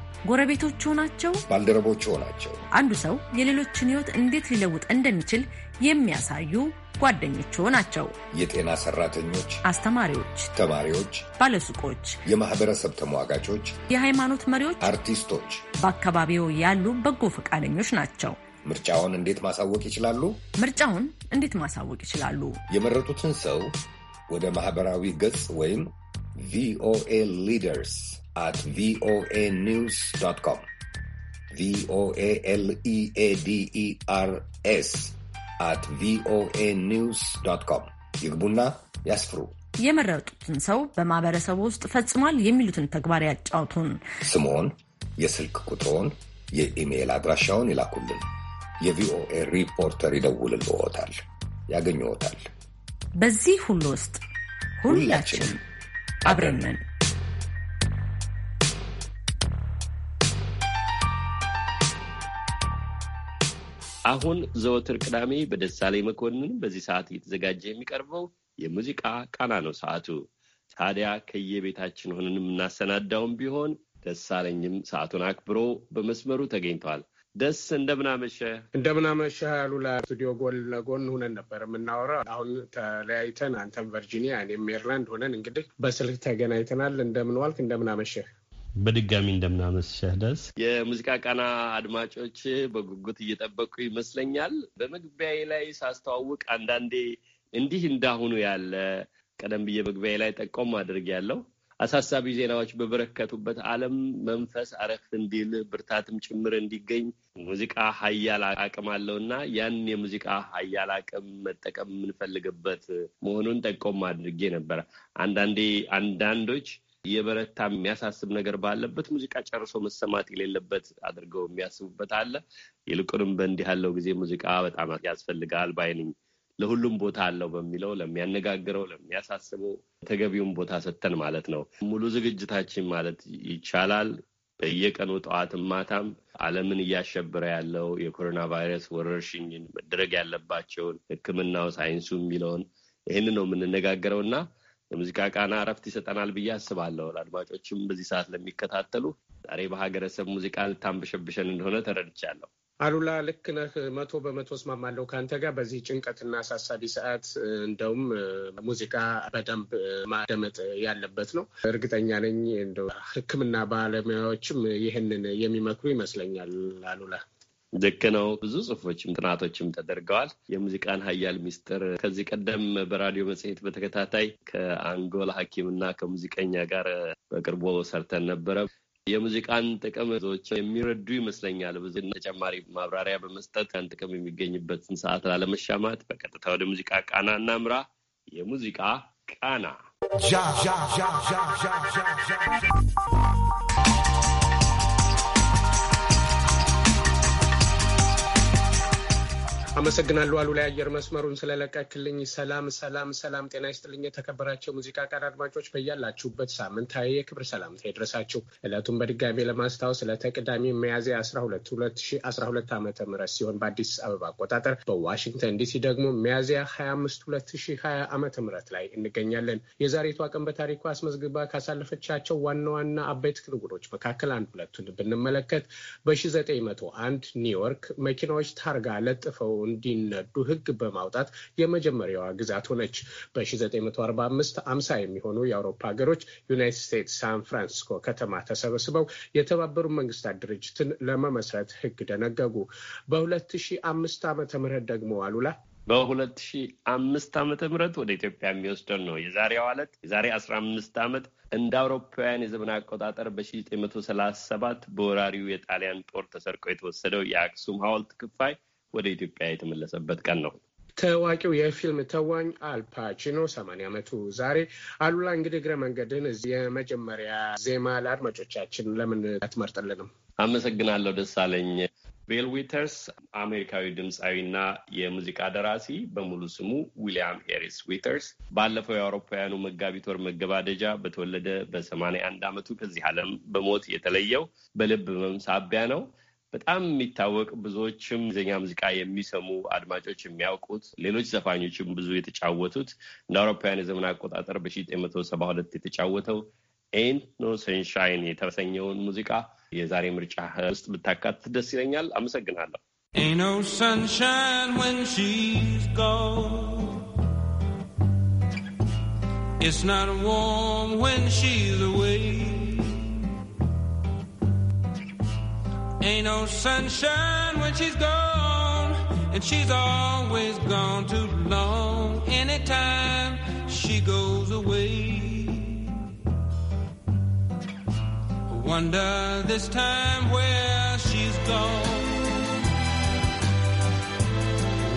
ጎረቤቶች ናቸው፣ ባልደረቦች ናቸው። አንዱ ሰው የሌሎችን ሕይወት እንዴት ሊለውጥ እንደሚችል የሚያሳዩ ጓደኞች ናቸው። የጤና ሰራተኞች፣ አስተማሪዎች፣ ተማሪዎች፣ ባለሱቆች፣ የማህበረሰብ ተሟጋቾች፣ የሃይማኖት መሪዎች፣ አርቲስቶች፣ በአካባቢው ያሉ በጎ ፈቃደኞች ናቸው። ምርጫውን እንዴት ማሳወቅ ይችላሉ? ምርጫውን እንዴት ማሳወቅ ይችላሉ? የመረጡትን ሰው ወደ ማህበራዊ ገጽ ወይም ቪኦኤ ሊደርስ at ቪኦኤ ኒውስ ዶት ኮም ቪኦኤ ኤልኢኤዲኢአርኤስ አት ቪኦኤ ኒውስ ዶት ኮም ይግቡና ያስፍሩ። የመረጡትን ሰው በማህበረሰቡ ውስጥ ፈጽሟል የሚሉትን ተግባር ያጫውቱን። ስሞን የስልክ ቁጥሮን፣ የኢሜይል አድራሻውን ይላኩልን። የቪኦኤ ሪፖርተር ይደውልልዎታል፣ ያገኝዎታል። በዚህ ሁሉ ውስጥ ሁላችንም አብረን ነን። አሁን ዘወትር ቅዳሜ በደሳሌ መኮንን በዚህ ሰዓት እየተዘጋጀ የሚቀርበው የሙዚቃ ቃና ነው ሰዓቱ። ታዲያ ከየቤታችን ሆነን የምናሰናዳውም ቢሆን ደሳለኝም ሰዓቱን አክብሮ በመስመሩ ተገኝቷል። ደስ እንደምናመሸ እንደምናመሸ አሉላ። ስቱዲዮ ጎን ለጎን ሁነን ነበር የምናወራው። አሁን ተለያይተን አንተም ቨርጂኒያ እኔም ሜሪላንድ ሆነን እንግዲህ በስልክ ተገናኝተናል። እንደምንዋልክ እንደምናመሸ በድጋሚ እንደምናመስሸህ ደስ የሙዚቃ ቃና አድማጮች በጉጉት እየጠበቁ ይመስለኛል። በመግቢያዬ ላይ ሳስተዋውቅ አንዳንዴ እንዲህ እንዳሁኑ ያለ ቀደም ብዬ መግቢያዬ ላይ ጠቆም አድርግ ያለው አሳሳቢ ዜናዎች በበረከቱበት ዓለም መንፈስ አረፍት እንዲል ብርታትም ጭምር እንዲገኝ ሙዚቃ ሀያል አቅም አለውና ያን የሙዚቃ ሀያል አቅም መጠቀም የምንፈልግበት መሆኑን ጠቆም አድርጌ ነበረ። አንዳንዴ አንዳንዶች የበረታ የሚያሳስብ ነገር ባለበት ሙዚቃ ጨርሶ መሰማት የሌለበት አድርገው የሚያስቡበት አለ። ይልቁንም በእንዲህ ያለው ጊዜ ሙዚቃ በጣም ያስፈልጋል ባይንኝ ለሁሉም ቦታ አለው በሚለው ለሚያነጋግረው፣ ለሚያሳስበው ተገቢውን ቦታ ሰጥተን ማለት ነው። ሙሉ ዝግጅታችን ማለት ይቻላል በየቀኑ ጠዋትም ማታም ዓለምን እያሸበረ ያለው የኮሮና ቫይረስ ወረርሽኝን መደረግ ያለባቸውን ሕክምናው ሳይንሱ የሚለውን ይህን ነው የምንነጋገረው እና የሙዚቃ ቃና እረፍት ይሰጠናል ብዬ አስባለሁ። ለአድማጮችም በዚህ ሰዓት ለሚከታተሉ ዛሬ በሀገረሰብ ሙዚቃ ልታንበሸብሸን እንደሆነ ተረድቻለሁ። አሉላ ልክ ነህ። መቶ በመቶ እስማማለሁ ከአንተ ጋር በዚህ ጭንቀትና አሳሳቢ ሰዓት እንደውም ሙዚቃ በደንብ ማደመጥ ያለበት ነው። እርግጠኛ ነኝ እንደው ሕክምና ባለሙያዎችም ይህንን የሚመክሩ ይመስለኛል አሉላ። ልክ ነው። ብዙ ጽሁፎችም ጥናቶችም ተደርገዋል። የሙዚቃን ሀያል ሚስጥር ከዚህ ቀደም በራዲዮ መጽሔት በተከታታይ ከአንጎል ሐኪምና ከሙዚቀኛ ጋር በቅርቡ ሰርተን ነበረ። የሙዚቃን ጥቅም ዞች የሚረዱ ይመስለኛል። ብዙ ተጨማሪ ማብራሪያ በመስጠት ያን ጥቅም የሚገኝበትን ሰዓት ላለመሻማት በቀጥታ ወደ ሙዚቃ ቃና እናምራ። የሙዚቃ ቃና አመሰግናለሁ አሉ ላይ አየር መስመሩን ስለለቀክልኝ። ሰላም ሰላም ሰላም፣ ጤና ይስጥልኝ የተከበራቸው ሙዚቃ ቃን አድማጮች በያላችሁበት ሳምንታዊ የክብር ሰላምታ ይድረሳችሁ። እለቱን በድጋሚ ለማስታወስ ለተቅዳሚ ቅዳሜ ሚያዝያ 12 2012 ዓ ም ሲሆን በአዲስ አበባ አቆጣጠር፣ በዋሽንግተን ዲሲ ደግሞ ሚያዝያ 25 2020 ዓ ም ላይ እንገኛለን። የዛሬቷ ቀን በታሪኩ አስመዝግባ ካሳለፈቻቸው ዋና ዋና አበይት ክንውኖች መካከል አንድ ሁለቱን ብንመለከት በ1901 ኒውዮርክ መኪናዎች ታርጋ ለጥፈው እንዲነዱ ህግ በማውጣት የመጀመሪያዋ ግዛት ሆነች። በ1945 50 የሚሆኑ የአውሮፓ ሀገሮች ዩናይትድ ስቴትስ ሳን ፍራንሲስኮ ከተማ ተሰብስበው የተባበሩ መንግስታት ድርጅትን ለመመስረት ህግ ደነገጉ። በ2005 ዓ ም ደግሞ አሉላ በ2005 ዓ ም ወደ ኢትዮጵያ የሚወስደን ነው። የዛሬው ዕለት የዛሬ 15 ዓመት እንደ አውሮፓውያን የዘመን አቆጣጠር በ1937 በወራሪው የጣሊያን ጦር ተሰርቆ የተወሰደው የአክሱም ሐውልት ክፋይ ወደ ኢትዮጵያ የተመለሰበት ቀን ነው። ታዋቂው የፊልም ተዋኝ አልፓቺኖ ሰማንያ ዓመቱ ዛሬ። አሉላ እንግዲህ እግረ መንገድን እዚህ የመጀመሪያ ዜማ ለአድማጮቻችን ለምን አትመርጥልንም? አመሰግናለሁ ደሳለኝ። ቤል ዊተርስ አሜሪካዊ ድምፃዊና የሙዚቃ ደራሲ በሙሉ ስሙ ዊሊያም ሄሪስ ዊተርስ ባለፈው የአውሮፓውያኑ መጋቢት ወር መገባደጃ በተወለደ በሰማንያ አንድ ዓመቱ ከዚህ ዓለም በሞት የተለየው በልብ ህመም ሳቢያ ነው። በጣም የሚታወቅ ብዙዎችም ዜኛ ሙዚቃ የሚሰሙ አድማጮች የሚያውቁት ሌሎች ዘፋኞችም ብዙ የተጫወቱት እንደ አውሮፓውያን የዘመን አቆጣጠር ሰባ ሁለት የተጫወተው ኤንት ኖ ሰንሻይን የተሰኘውን ሙዚቃ የዛሬ ምርጫ ውስጥ ብታካትት ደስ ይለኛል። አመሰግናለሁ። It's not warm when she's away. Ain't no sunshine when she's gone, and she's always gone too long. Anytime she goes away, wonder this time where she's gone.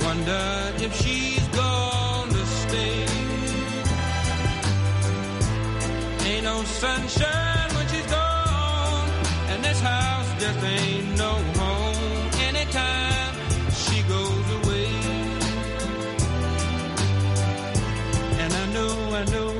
Wonder if she's gonna stay. Ain't no sunshine ain't no home anytime she goes away. And I know, I know.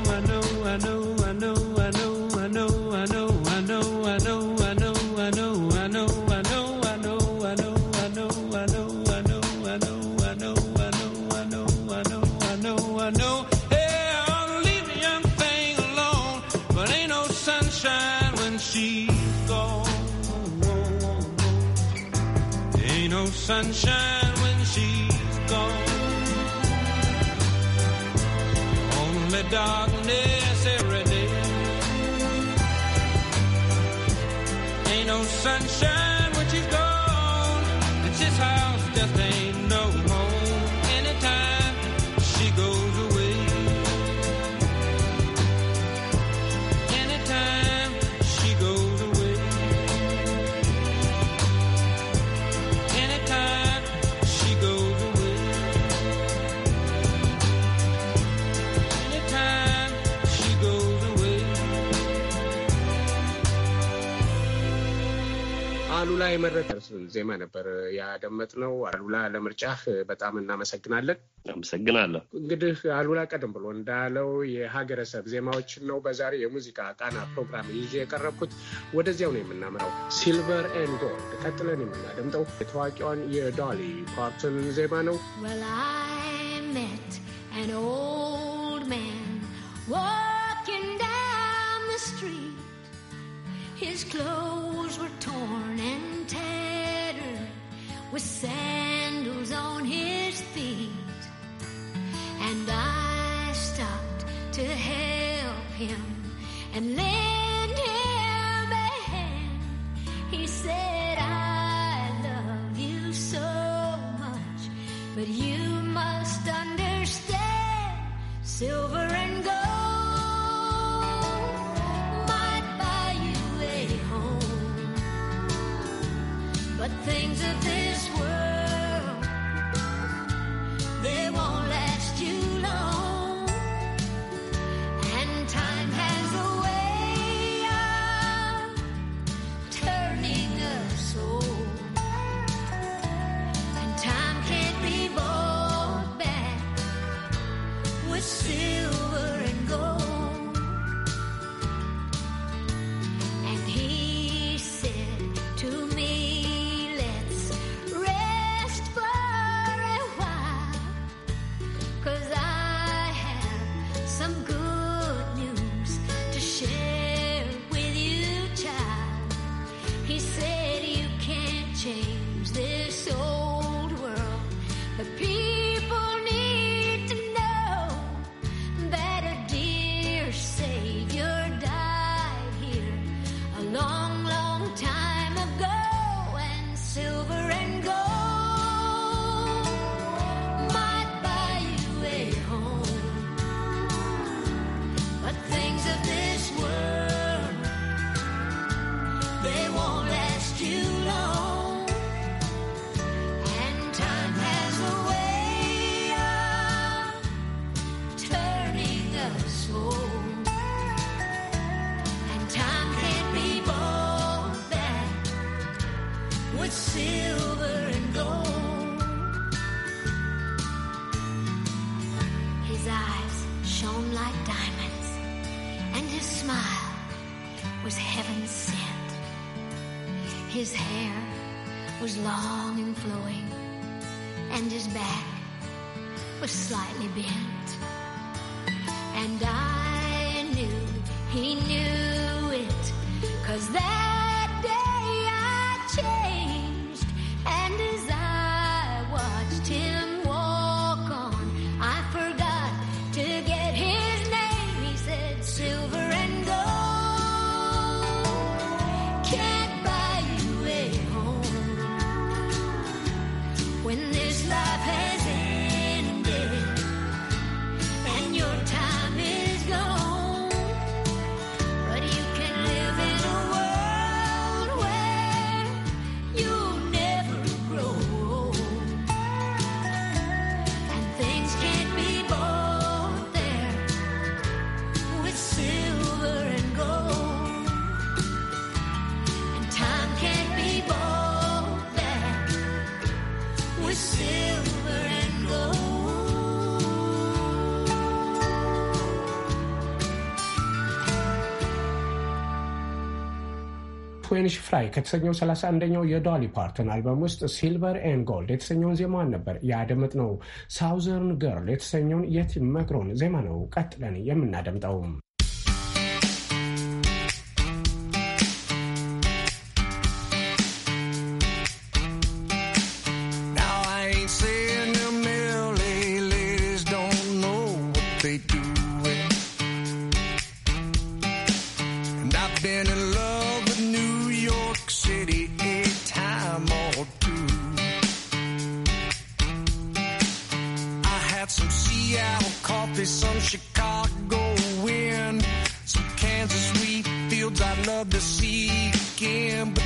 sunshine when she's gone. Only darkness every day. Ain't no sunshine. ዜማ ነበር ያደመጥነው። አሉላ ለምርጫህ በጣም እናመሰግናለን። አመሰግናለሁ። እንግዲህ አሉላ ቀደም ብሎ እንዳለው የሀገረሰብ ዜማዎችን ነው በዛሬ የሙዚቃ ቃና ፕሮግራም ይዤ የቀረብኩት። ወደዚያው ነው የምናምራው። ሲልቨር ኤን ጎልድ ቀጥለን የምናደምጠው የታዋቂዋን የዶሊ ፓርትን ዜማ ነው። His clothes were torn and tattered. with sandals on his feet. And I stopped to help him and lend him a hand. He said, I love you so much, but you must understand, silver. His hair was long and flowing, and his back was slightly bent. And I ዴኒሽ ፍራይ ከተሰኘው 31ኛው የዶሊ ፓርተን አልበም ውስጥ ሲልቨር ኤን ጎልድ የተሰኘውን ዜማን ነበር ያደመጥነው። ሳውዘርን ገርል የተሰኘውን የቲም መክሮን ዜማ ነው ቀጥለን የምናደምጠውም two. I had some Seattle coffee, some Chicago wind, some Kansas wheat fields I'd love to see again, but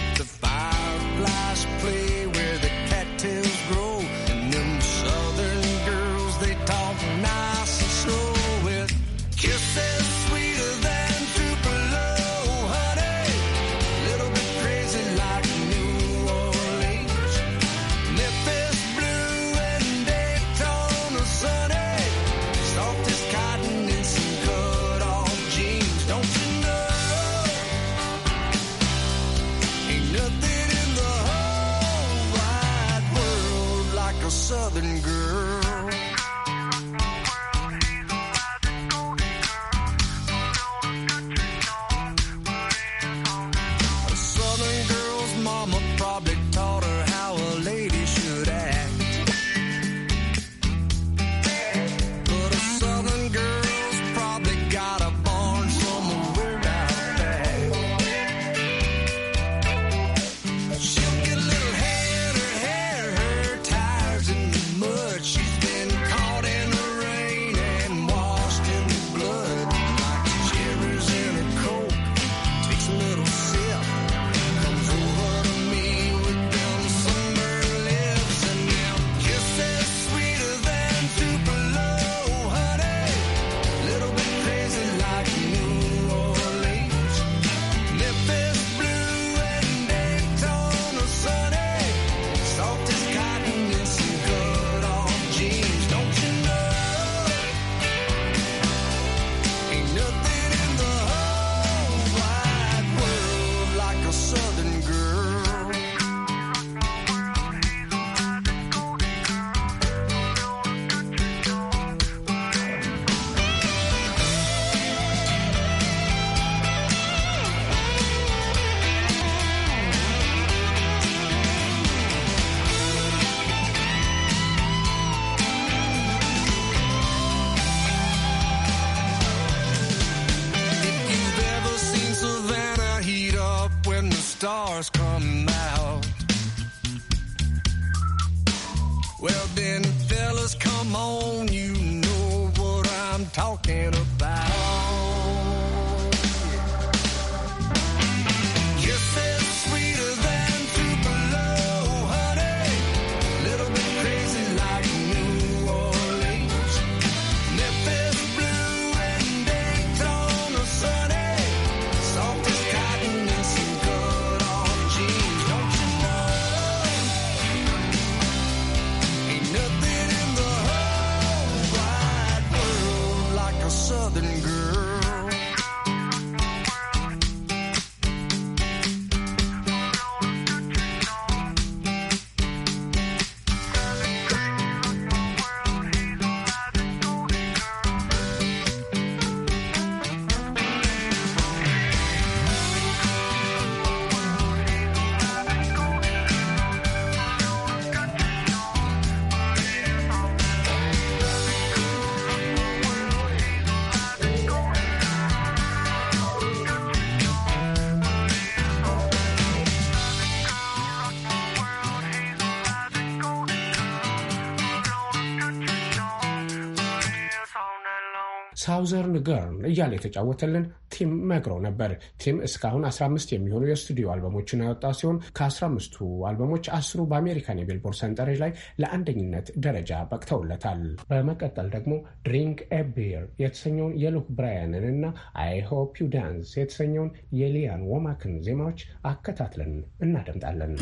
ሳውዘርን ገርን እያለ የተጫወተልን ቲም መግሮ ነበር። ቲም እስካሁን 15 የሚሆኑ የስቱዲዮ አልበሞችን ያወጣ ሲሆን ከ15ቱ አልበሞች አስሩ በአሜሪካን የቢልቦርድ ሰንጠረዥ ላይ ለአንደኝነት ደረጃ በቅተውለታል። በመቀጠል ደግሞ ድሪንክ ኤቢር የተሰኘውን የሉክ ብራያንን እና አይ ሆፕ ዩ ዳንስ የተሰኘውን የሊያን ወማክን ዜማዎች አከታትለን እናደምጣለን።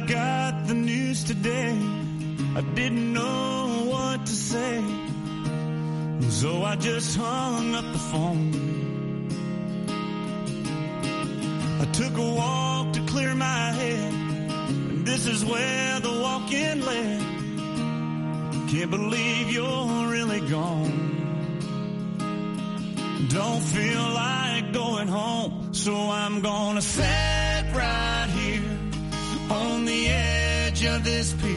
I got the news today, I didn't know what to say. So I just hung up the phone. I took a walk to clear my head. And this is where the walk in led. Can't believe you're really gone. Don't feel like going home, so I'm gonna set right on the edge of this pier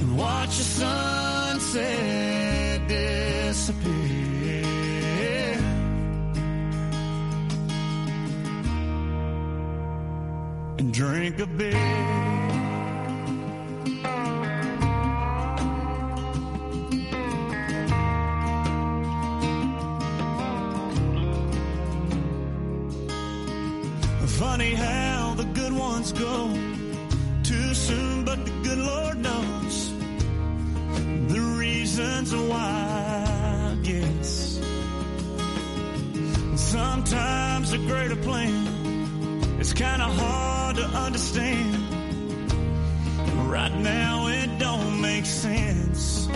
and watch the sunset disappear. And drink a beer. once go too soon, but the good Lord knows the reasons why. Yes, sometimes a greater plan is kind of hard to understand. Right now, it don't make sense.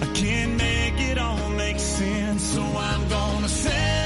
I can't make it all make sense, so I'm gonna say.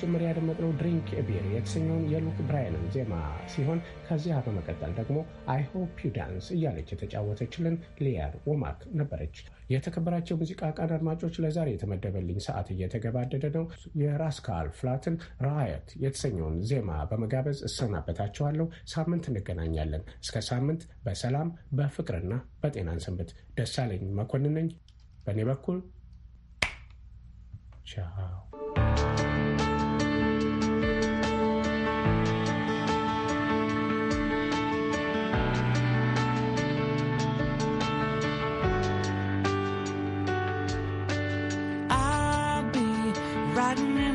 መጀመሪያ ያደመጥነው ድሪንክ ቢር የተሰኘውን የሉክ ብራያንን ዜማ ሲሆን ከዚያ በመቀጠል ደግሞ አይ ሆፕ ዩ ዳንስ እያለች የተጫወተችልን ሊያር ወማክ ነበረች። የተከበራቸው ሙዚቃ ቃን አድማጮች፣ ለዛሬ የተመደበልኝ ሰዓት እየተገባደደ ነው። የራስካል ፍላትን ራየት የተሰኘውን ዜማ በመጋበዝ እሰናበታችኋለሁ። ሳምንት እንገናኛለን። እስከ ሳምንት በሰላም በፍቅርና በጤናን ሰንብት። ደሳለኝ መኮንን ነኝ በእኔ በኩል ቻው። riding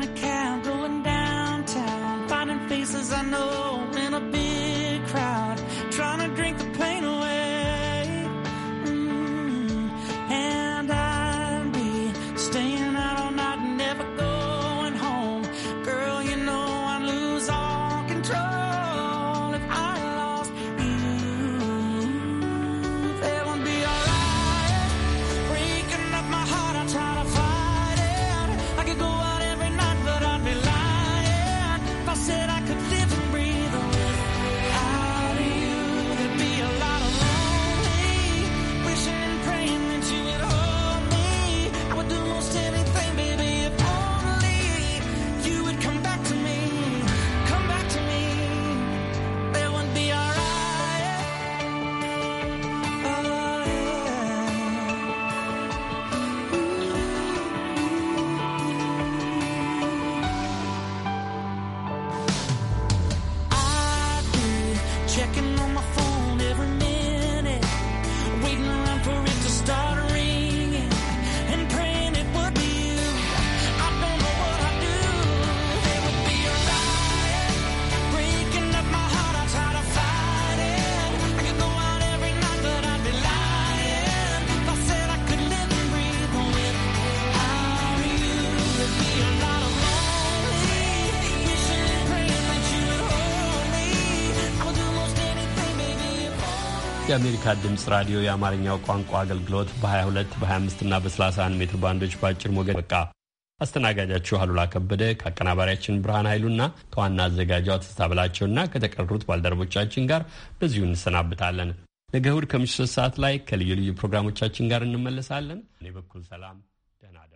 የአሜሪካ ድምፅ ራዲዮ የአማርኛው ቋንቋ አገልግሎት በ22 በ25 እና በ31 ሜትር ባንዶች በአጭር ሞገድ በቃ አስተናጋጃችሁ አሉላ ከበደ ከአቀናባሪያችን ብርሃን ኃይሉና ከዋና አዘጋጇ ትዝታ ብላቸውና ከተቀሩት ባልደረቦቻችን ጋር በዚሁ እንሰናብታለን። ነገ እሁድ ከምሽቱ ሰዓት ላይ ከልዩ ልዩ ፕሮግራሞቻችን ጋር እንመለሳለን። እኔ በኩል ሰላም፣ ደህና